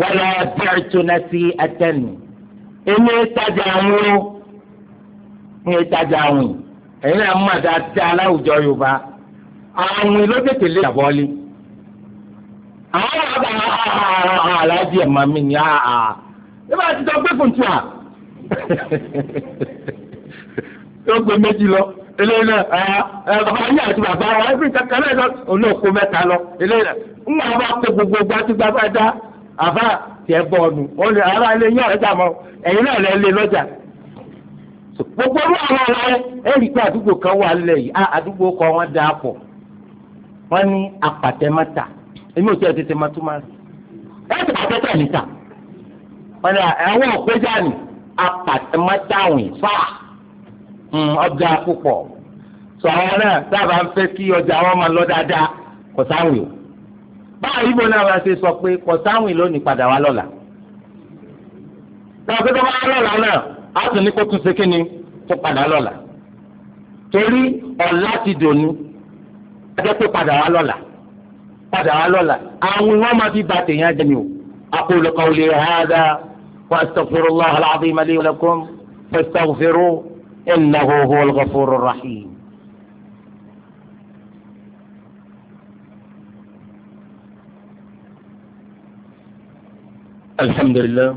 wàlá bẹ́ẹ̀ tó náà sí ẹtẹ́nu èmi tajà àwọn ń yẹ jájà àwìn ẹ̀yin náà má dáadáa láwùjọ yorùbá àwìn ló tètè lé ìjàbọ́lé àwọn àgbà aláàjì ẹ̀ma mi ni àà nígbà tí tó gbé tó gbé méjì lọ eléyìí náà ẹ bàbá yín àti bàbá wa ẹbí náà òun kó lọ eléyìí náà ń wà bá kó gbogbo gbàtúgbà bá dá àbá tiẹ̀ bọ̀ gbogbo owó àwọn ọ̀la rẹ ẹ rí i pé àdúgbò kan wà lẹ̀ yìí ah, àdúgbò kọ wọ́n dà á pọ̀ wọ́n ní apàtẹ́mọ́ta èmi ò tí ẹ tètè máa túmọ̀ rẹ̀ ẹ ti pàtẹ́tà níta wọ́n ní ah, àwọn òpéjà ní apàtẹ́mọ́ta wìn fà hmm, ọjà púpọ̀ sọ àwọn náà sábà ń fẹ́ kí ọjà wọn máa lọ dáadáa kò sáwìn o báwo ibo náà wá ṣe sọ pé kò sáwìn lónìí padà wá lọ́la. Tọ́kítọ́ bá lọ́la náà á sì ní kó tún ṣe kíni kó padà lọ́la torí ọ̀la ti dòní ẹjẹ́ pé padà wá lọ́la padà wá lọ́la àwọn ìwọ́n máa fi ba tèèyàn jẹ ni o. أقول قولي هذا وأستغفر الله العظيم لي ولكم فاستغفروه إنه هو الغفور الرحيم الحمد لله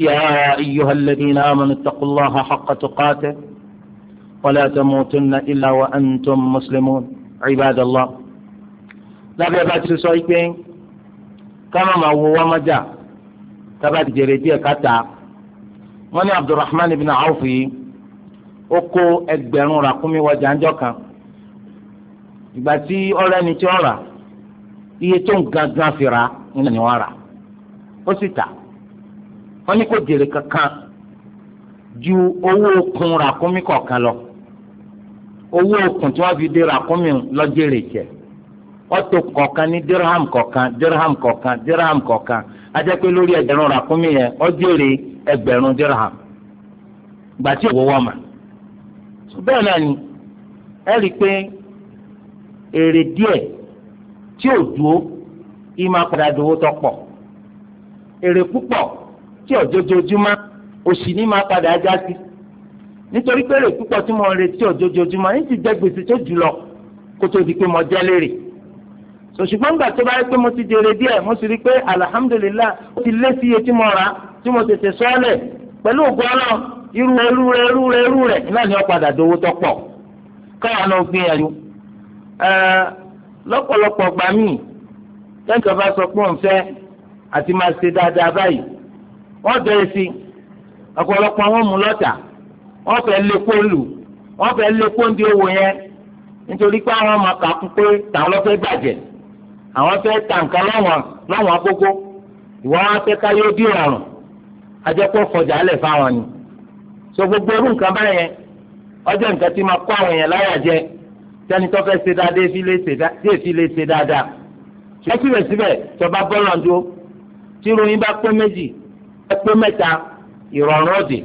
يا أيها الذين آمنوا اتقوا الله حق تقاته ولا تموتن إلا وأنتم مسلمون عباد الله lábẹ́ ẹ bá ti sọ yìí pé ká má máa wo wá má jà tábà ti jèrè díẹ̀ ká ta wọ́n ní abdulrahman ibn awf yìí ó kó ẹgbẹ̀rún ràkúnmí wọ jàǹjọ́ kan ìgbà tí ọ̀rẹ́ ni tí ó rà iye tó ń gangan fi rà nínú ni wọ́n rà ó sì tà á wọ́n ní kò jèrè kankan ju owó okùn ràkúnmí kọ̀ọ̀kan lọ owó okùn tí wọ́n fi dé ràkúnmí lọ jẹ ọtọ kọ̀ọ̀kan ní dirham kọ̀ọ̀kan dirham kọ̀ọ̀kan dirham kọ̀ọ̀kan ajẹ́ lórí ẹgbẹ̀rún ràkúnmí yẹn jere ẹgbẹ̀rún dirham gbàtí òwò mà náà ni ẹ rí i pé èrè tí ò ìmọ̀ tí ọ̀jọ́jọ́júmọ́ òṣì ní máa padà já sí nítorí pé èrè púpọ̀ tí mo ń retí ọ̀jọ́jọ́júmọ́ ní ti jẹ́ gbèsè tó jùlọ kó tó di pé mo jẹ́ lérè ṣùgbọ́n gbà tó bá yẹ pé mo ti jèrè díẹ̀ mo sì rí i pé alihamudulilayi ó ti lé sí iye tí mo rà tí mo tètè sọ́ọ́lẹ̀ pẹ̀lú ògùn ọlọ́run irú rẹ̀ irú rẹ̀ irú rẹ̀ irú rẹ̀ náà ni ó padà dowó tó pọ̀ káwọn náà gbìyànjú lọ́pọ̀lọpọ̀ gbà míì tẹ́ǹkà bá sọ pé òun fẹ́ àti máa ṣe dáadáa báyìí wọ́n jẹ si ọ̀pọ̀lọpọ̀ wọn mú lọ́tà wọ́n fẹ́ lé kóòlù wọ́n fẹ́ lé kóńdé owó yẹn nítorí pé àwọn ọmọ kà kú pé tàwọn àwọn fẹ́ ta lọ́wọ́n lọ́wọ́n gbogbo ìwọ wọn fẹ́ bí ọ̀rùn fọjà lẹ̀ fáwọn ni so gbogbo nǹkan báyẹn ọjọ́ nǹkan tí máa kó àwọn yẹn láyà jẹ tó fẹ́ ṣe lè ṣe dáadáa ṣùgbọ́n síbẹ̀síbẹ̀ tí ẹgbẹ́ mẹta ìrọ̀rùn òdì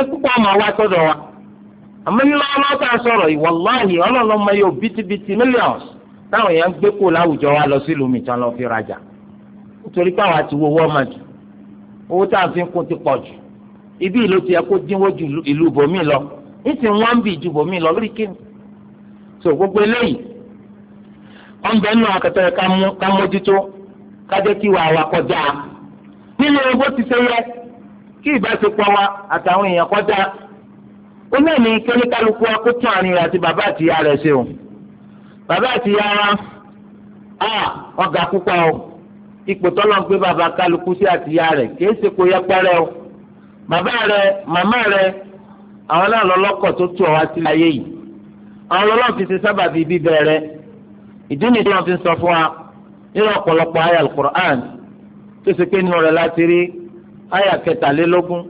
ó púpọ̀ ọmọ wa sọ́dọ̀ wa àmọ́ ní a sọ̀rọ̀ ìwọ̀láhì ọlọ́lọ́mọ yóò bítíbitì millions táwọn èèyàn ń gbé kó láwùjọ wa lọ sílùú mi tán lọ fi rajà nítorí pé àwọn àti wo jù owó tá a fi ń ti pọ̀ jù lọ wọ́n ń bì ju bòmí lọ lórí so gbogbo eléyìí àkàtà ká mójútó kí wàá wakọ̀ nínú bó ti ṣe yẹ kí ìbáṣepọ̀ wa àtàwọn èèyàn kọjá ó náà ní kẹ́míkálukú wa àárín àti bàbá àti ìyá rẹ̀ ṣe o bàbá àti ìyá wa a ọ̀gá púpọ̀ o ipò tọ́lọ̀ ń gbé bàbá kálukú sí àti ìyá rẹ̀ kì í ṣe kó yẹpẹrẹ o bàbá rẹ̀ màmá rẹ̀ àwọn náà lọ́lọ́kọ̀ tó tù ọ́ wá sí ayé yìí àwọn lọ́lọ́ọ̀ fi ṣe sábàbí bíbẹ̀ rẹ̀ ìdí nìyí wọn fi sọ fún wa nínú ọ̀pọ̀lọpọ̀ ayé tó ṣe pé nínú rẹ̀ láti rí àyà kẹtàlélógún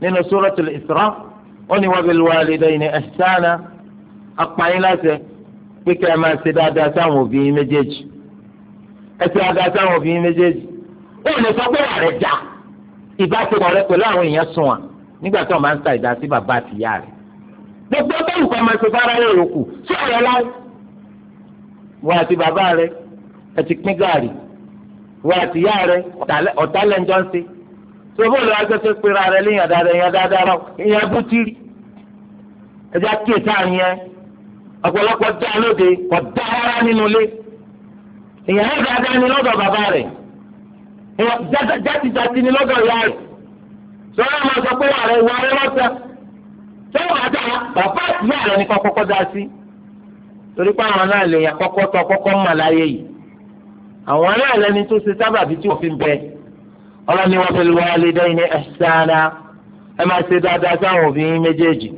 nínú suratul Isra ó ní wa bil walidayni ihsana apáyín láṣẹ pé kí ẹ máa ṣe dáadáa sáwọn òbí yín méjèèjì ẹ ṣe dáadáa sáwọn òbí méjèèjì ó lè sọ pé wà rẹ dà ìbáṣepọ̀ rẹ pẹ̀lú àwọn èèyàn sùn wà nígbà tó máa ń ta ìdásí bàbá àti ìyá rẹ̀ gbogbo ọgbẹ́ ìkọ́ máa ṣe fara yóò yòókù sí ọ̀rẹ́ láì wọ́n àti bàbá rẹ̀ ẹ ti pín gààrí wọ àti ìyá rẹ ọ̀tálẹ̀ ń jọ tó bó lọ́wọ́ pera rẹ léyìn dáadáa èèyàn dáadáa rọ èèyàn bú tìrì ẹjẹ kí ètò ọ̀pọ̀lọpọ̀ dá lóde kọ̀ rárá nínú ilé ni lọ́dọ̀ bàbá rẹ̀ játijàti ni lọ́dọ̀ ìyá rẹ̀ sọ́wọ́n máa sọ pé ààrẹ ìwà rẹ lọ́sẹ̀ sọ́wọ́n àdá bàbá rẹ̀ ni àwọn náà lẹni tó ṣe sábàbí tí òfin bẹ ọlọ́ni wa bil walidayni ihsana ẹ máa ṣe dáadáa sáwọn òbí méjèèjì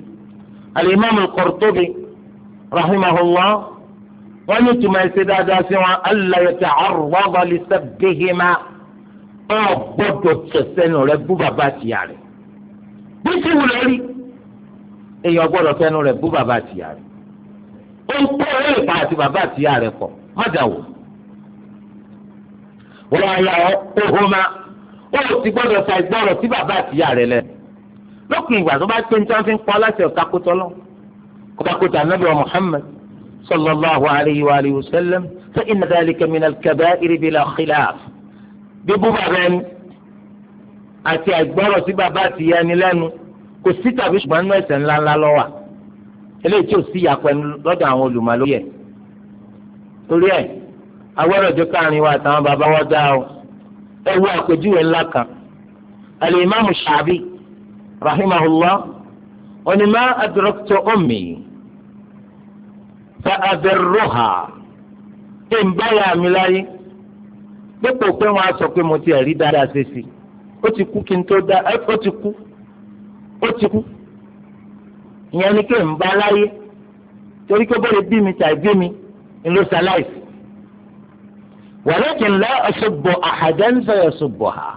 al-imam al-Qurtubi rahimahullah wọ́n ní tuma ẹ ṣe dáadáa sí wọn alla yata'arrada li sabbihima ọ gbọ́dọ̀ tẹ̀sẹ̀nù rẹ bú bàbá tìyà rẹ bí ti wù lórí èèyàn gbọ́dọ̀ fẹ́nu rẹ̀ bú bàbá àtìyá rẹ̀ ó ń kọ́ ẹ̀rẹ́ ìpa bàbá àtìyá rẹ̀ pọ̀ má dà wò wọ́n á yà ọ́ ohoma ó ti gbọ́dọ̀ sa ìgbọ́rọ̀ sí bàbá àtìyá rẹ̀ lẹ. lókun ìgbà tó bá pé ní tí wọ́n fi ń pọ́ láti ọ̀takùtà lọ ọ̀takùtà nàbẹ̀ wa Muhammad sallallahu alayhi wa alihi wa sallam fa inna dhalika min al-kaba'ir bila khilaf. bíbú bàbá ẹni àti àìgbọ́rọ̀ sí bàbá àtìyá ẹni lẹ́nu kò sí tàbí ṣùgbọ́n nínú ẹ̀ṣẹ̀ ńláńlá lọ́wà eléyìí tí ò sí ìyàpẹ́ lọ́dọ̀ àwọn olùmọ̀ agbọ́dọ̀ ọjọọ káàrin wa àtàwọn bàbá wọn dá o ẹ wo àpèjúwe ńlá alimami rahimahullah onímọ̀ adraktu ummi ta abirruha ẹ̀ ń báyà mi láyé dípò pé wọn sọ pé mo ti dáadáa ó ti kú kí n tó ti kú ó ti kú walakin la asubbu ahadan fa yasubbuha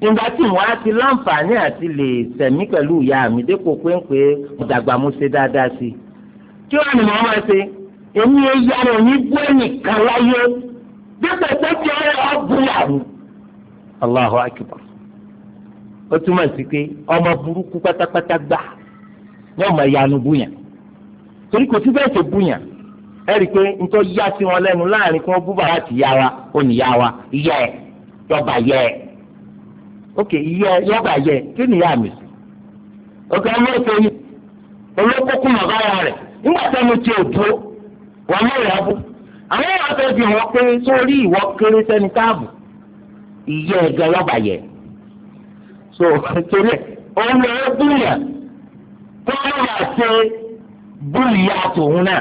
ìgbà tí wọn á ti láǹfààní àti ti sẹ̀mí pẹ̀lú ìyá mi dépò péńpé ọ̀dàgbà mo ṣe dáadáa sí i kí si. ni màá máa ṣe èmi ẹ yára ní bú ẹnìkan láyé dípò tó ti ọ̀rẹ́ ọ̀bùyà mi. Allahu akbar ẹ̀rí pé ntọ́ yá sí wọn lẹ́nu láàrin kí wọ́n bú ti yá wa ó ní yá wa yẹ ẹ yọba yẹ ẹ ok yẹ yọba yẹ ni ya rẹ̀ nígbà tí mo ti dúró wà á mẹ́rin abú àwọn fi hàn pé sórí ìwọ kéré sẹ́ni yọba yẹ so torí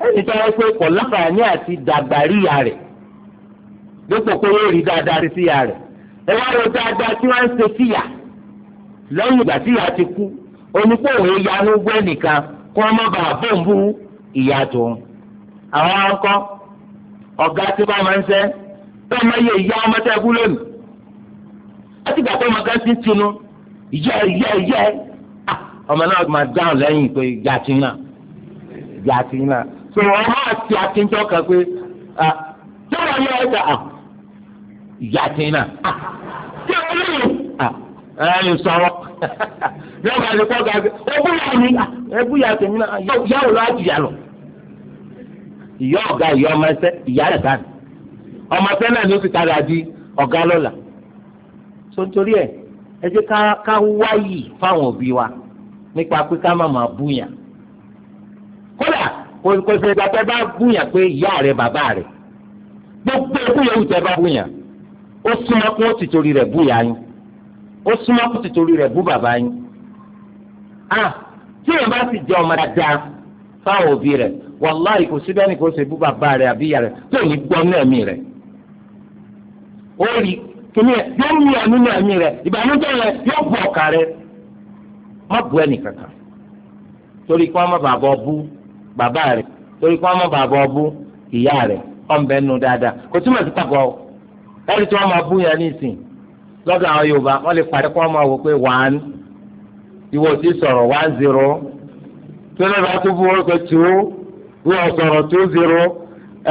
ẹni tó yẹ pé kò láǹfààní àti dàgbàrí ìyá rẹ̀ dípò pé yóò rí dáadáa sí ìyá rẹ̀ ẹ wá lọ dáadáa tí wọ́n ń ṣe síyà lẹ́yìn ìgbà tí ìyá ti kú onípò òun yanu gbé nìkan kó ọmọ bàá bòǹbù ìyá tòun àwọn akọ ọ̀gá tí wọ́n máa ń sẹ́ tó máa yẹ ìyá ọmọ lónìí láti gbà pé ọmọ kan ti ń tinu yẹ yẹ yẹ ọmọ náà máa dáhùn lẹ́yìn pé ìjà ti náà ìjà ti náà. pé wọ́n máa ti akínjọ́ kan pé tí wọ́n yọ ẹ̀ka ìyá tìǹà tí wọ́n lè ẹ̀yìn sọ̀rọ̀ yóò máa lè kọ́ tèmi náà lọ. ìyá ọ̀gá ìyá ọmọ ẹsẹ̀ ìyá rẹ̀ ọmọ ẹsẹ̀ náà ni ó ti di ọ̀gá lọ́la. ẹ ẹ jẹ́ ká wáyì fáwọn òbí wa nípa pé ká má máa kòsìkòsì ìgbà tẹ bá búyàn pé ìyá rẹ bàbá rẹ gbogbo ẹkú yòówù tẹ bá búyàn ó kó ti torí bụ bú anyị o ó súnmọ́ kó ti torí rẹ̀ bú bàbá yín ah tí èèyàn bá sì jẹ ọmọ dáadáa fáwọn òbí rẹ̀ wàláì kò síbẹ̀ ní kò ṣe bú bàbá rẹ̀ àbí ìyá rẹ tó ní gbọ́ náà ó rí kìnìún yóò mú ẹ̀mí ìbànújẹ́ yóò bu ọ̀kà bàbá rẹ̀ torí kí wọ́n mọ bàbá ọbú ìyá rẹ̀ ọ̀nbẹ́ nu dáadáa kò túmọ̀ sí pàpọ̀ ẹ̀rí tí wọ́n máa bú yẹn nísìn lọ́dọ̀ àwọn Yorùbá wọ́n lè parí kí wọ́n máa wò pé one ìwọ ti sọ̀rọ̀ one zero tí wọ́n bá tún bú wọn pé two wọ́n sọ̀rọ̀ two zero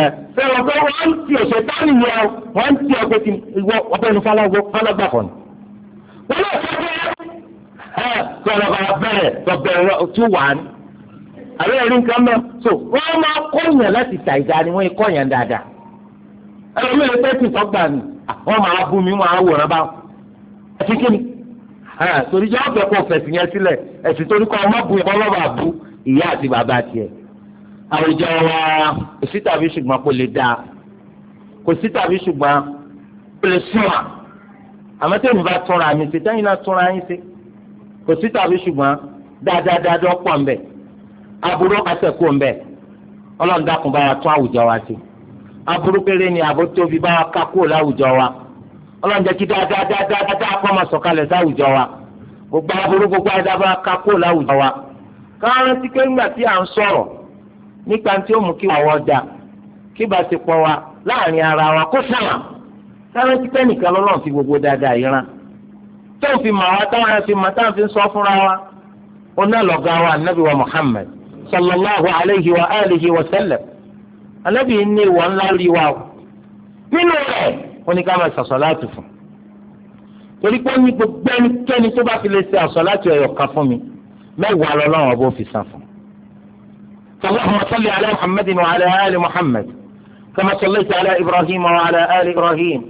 ẹ̀ sẹ́wọ̀n pé wọ́n ti ọ̀sẹ̀ dání yẹn wọ́n ti ọ̀pẹ̀ tí ọ̀pẹ̀ nu falágbà kan wọ́n lọ sọ sọ̀rọ̀ bẹ̀rẹ̀ sọ̀bẹ̀rẹ̀ àbẹ́ ẹ̀rí nǹkan mọ́ so wọ́n máa kọ́yàn láti ta ìdá ni wọ́n kọ́yàn dáadáa ẹlòmíràn pé tí tọ́gbà ni wọ́n máa bú mi wọ́n á wòran báwọn àti kí ni torí jẹ́ ọ̀fẹ́ kó fẹ̀sìn yẹn sílẹ̀ ẹ̀sìn torí kọ́ ọmọ bu ìbọn lọ́ba bu ìyá àti bàbá tiẹ̀ àwùjọ wa kò sí tàbí ṣùgbọ́n kò lè dáa kò sí tàbí ṣùgbọ́n kò lè súnmọ́ àmọ́ tẹ́lifù bá túnra mi ṣe tẹ́yìn náà túnra yín ṣe kò sí tàbí ṣùgbọ́n dáadáa dáadáa pọ̀ ń bẹ̀ aburú kásẹ̀kú ọ̀nbẹ ọlọ́run dákun bá wa tún àwùjọ wa aburú péré ni àbó tóbi wa wa wa gbogbo aburú gbogbo wa káwọn ti ńgbà tí à ń sọ̀rọ̀ nípa tí ó mú kí wàá wa láàrin ara wa kó sàmà káwọn ti gbogbo dáadáa yìí tó ń fi mà wá táwọn fi mà táwọn fi ń sọ fúnra صلى الله عليه وآله وسلم الذي إني والله لي واو من وراء وني كما سصلاته فم تولي كون نيكو بين كني توبا في لسي أصلاته يوقع فمي ما هو على الله أبو في سافم فاللهم صل على محمد وعلى آل محمد كما صليت على إبراهيم وعلى آل إبراهيم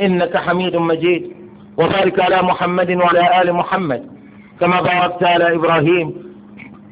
إنك حميد مجيد وبارك على محمد وعلى آل محمد كما باركت على إبراهيم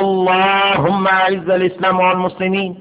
اللهم أعز الإسلام والمسلمين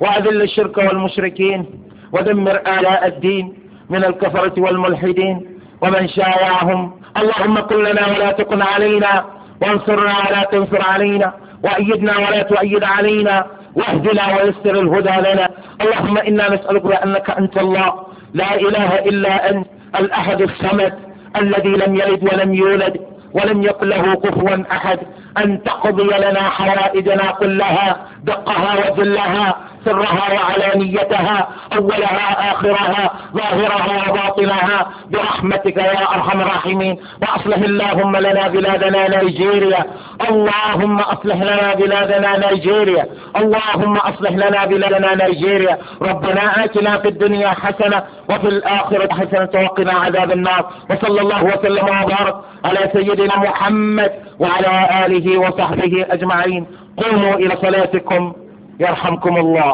وأذل الشرك والمشركين ودمر آلاء الدين من الكفرة والملحدين ومن شاياهم اللهم قل لنا ولا تكن علينا وانصرنا ولا تنصر علينا وأيدنا ولا تؤيد علينا واهدنا ويسر الهدى لنا اللهم إنا نسألك بأنك أنت الله لا إله إلا أنت الأحد الصمد الذي لم يلد ولم يولد ولم يقل له كفوا أحد أن تقضي لنا حوائجنا كلها دقها وجلها سرها وعلانيتها أولها آخرها ظاهرها وباطنها برحمتك يا أرحم الراحمين وأصلح اللهم لنا بلادنا نيجيريا اللهم أصلح لنا بلادنا نيجيريا اللهم أصلح لنا بلادنا نيجيريا ربنا آتنا في الدنيا حسنة وفي الآخرة حسنة وقنا عذاب النار وصلى الله وسلم وبارك على سيدنا محمد وعلى آله وصحبه أجمعين قوموا إلى صلاتكم يرحمكم الله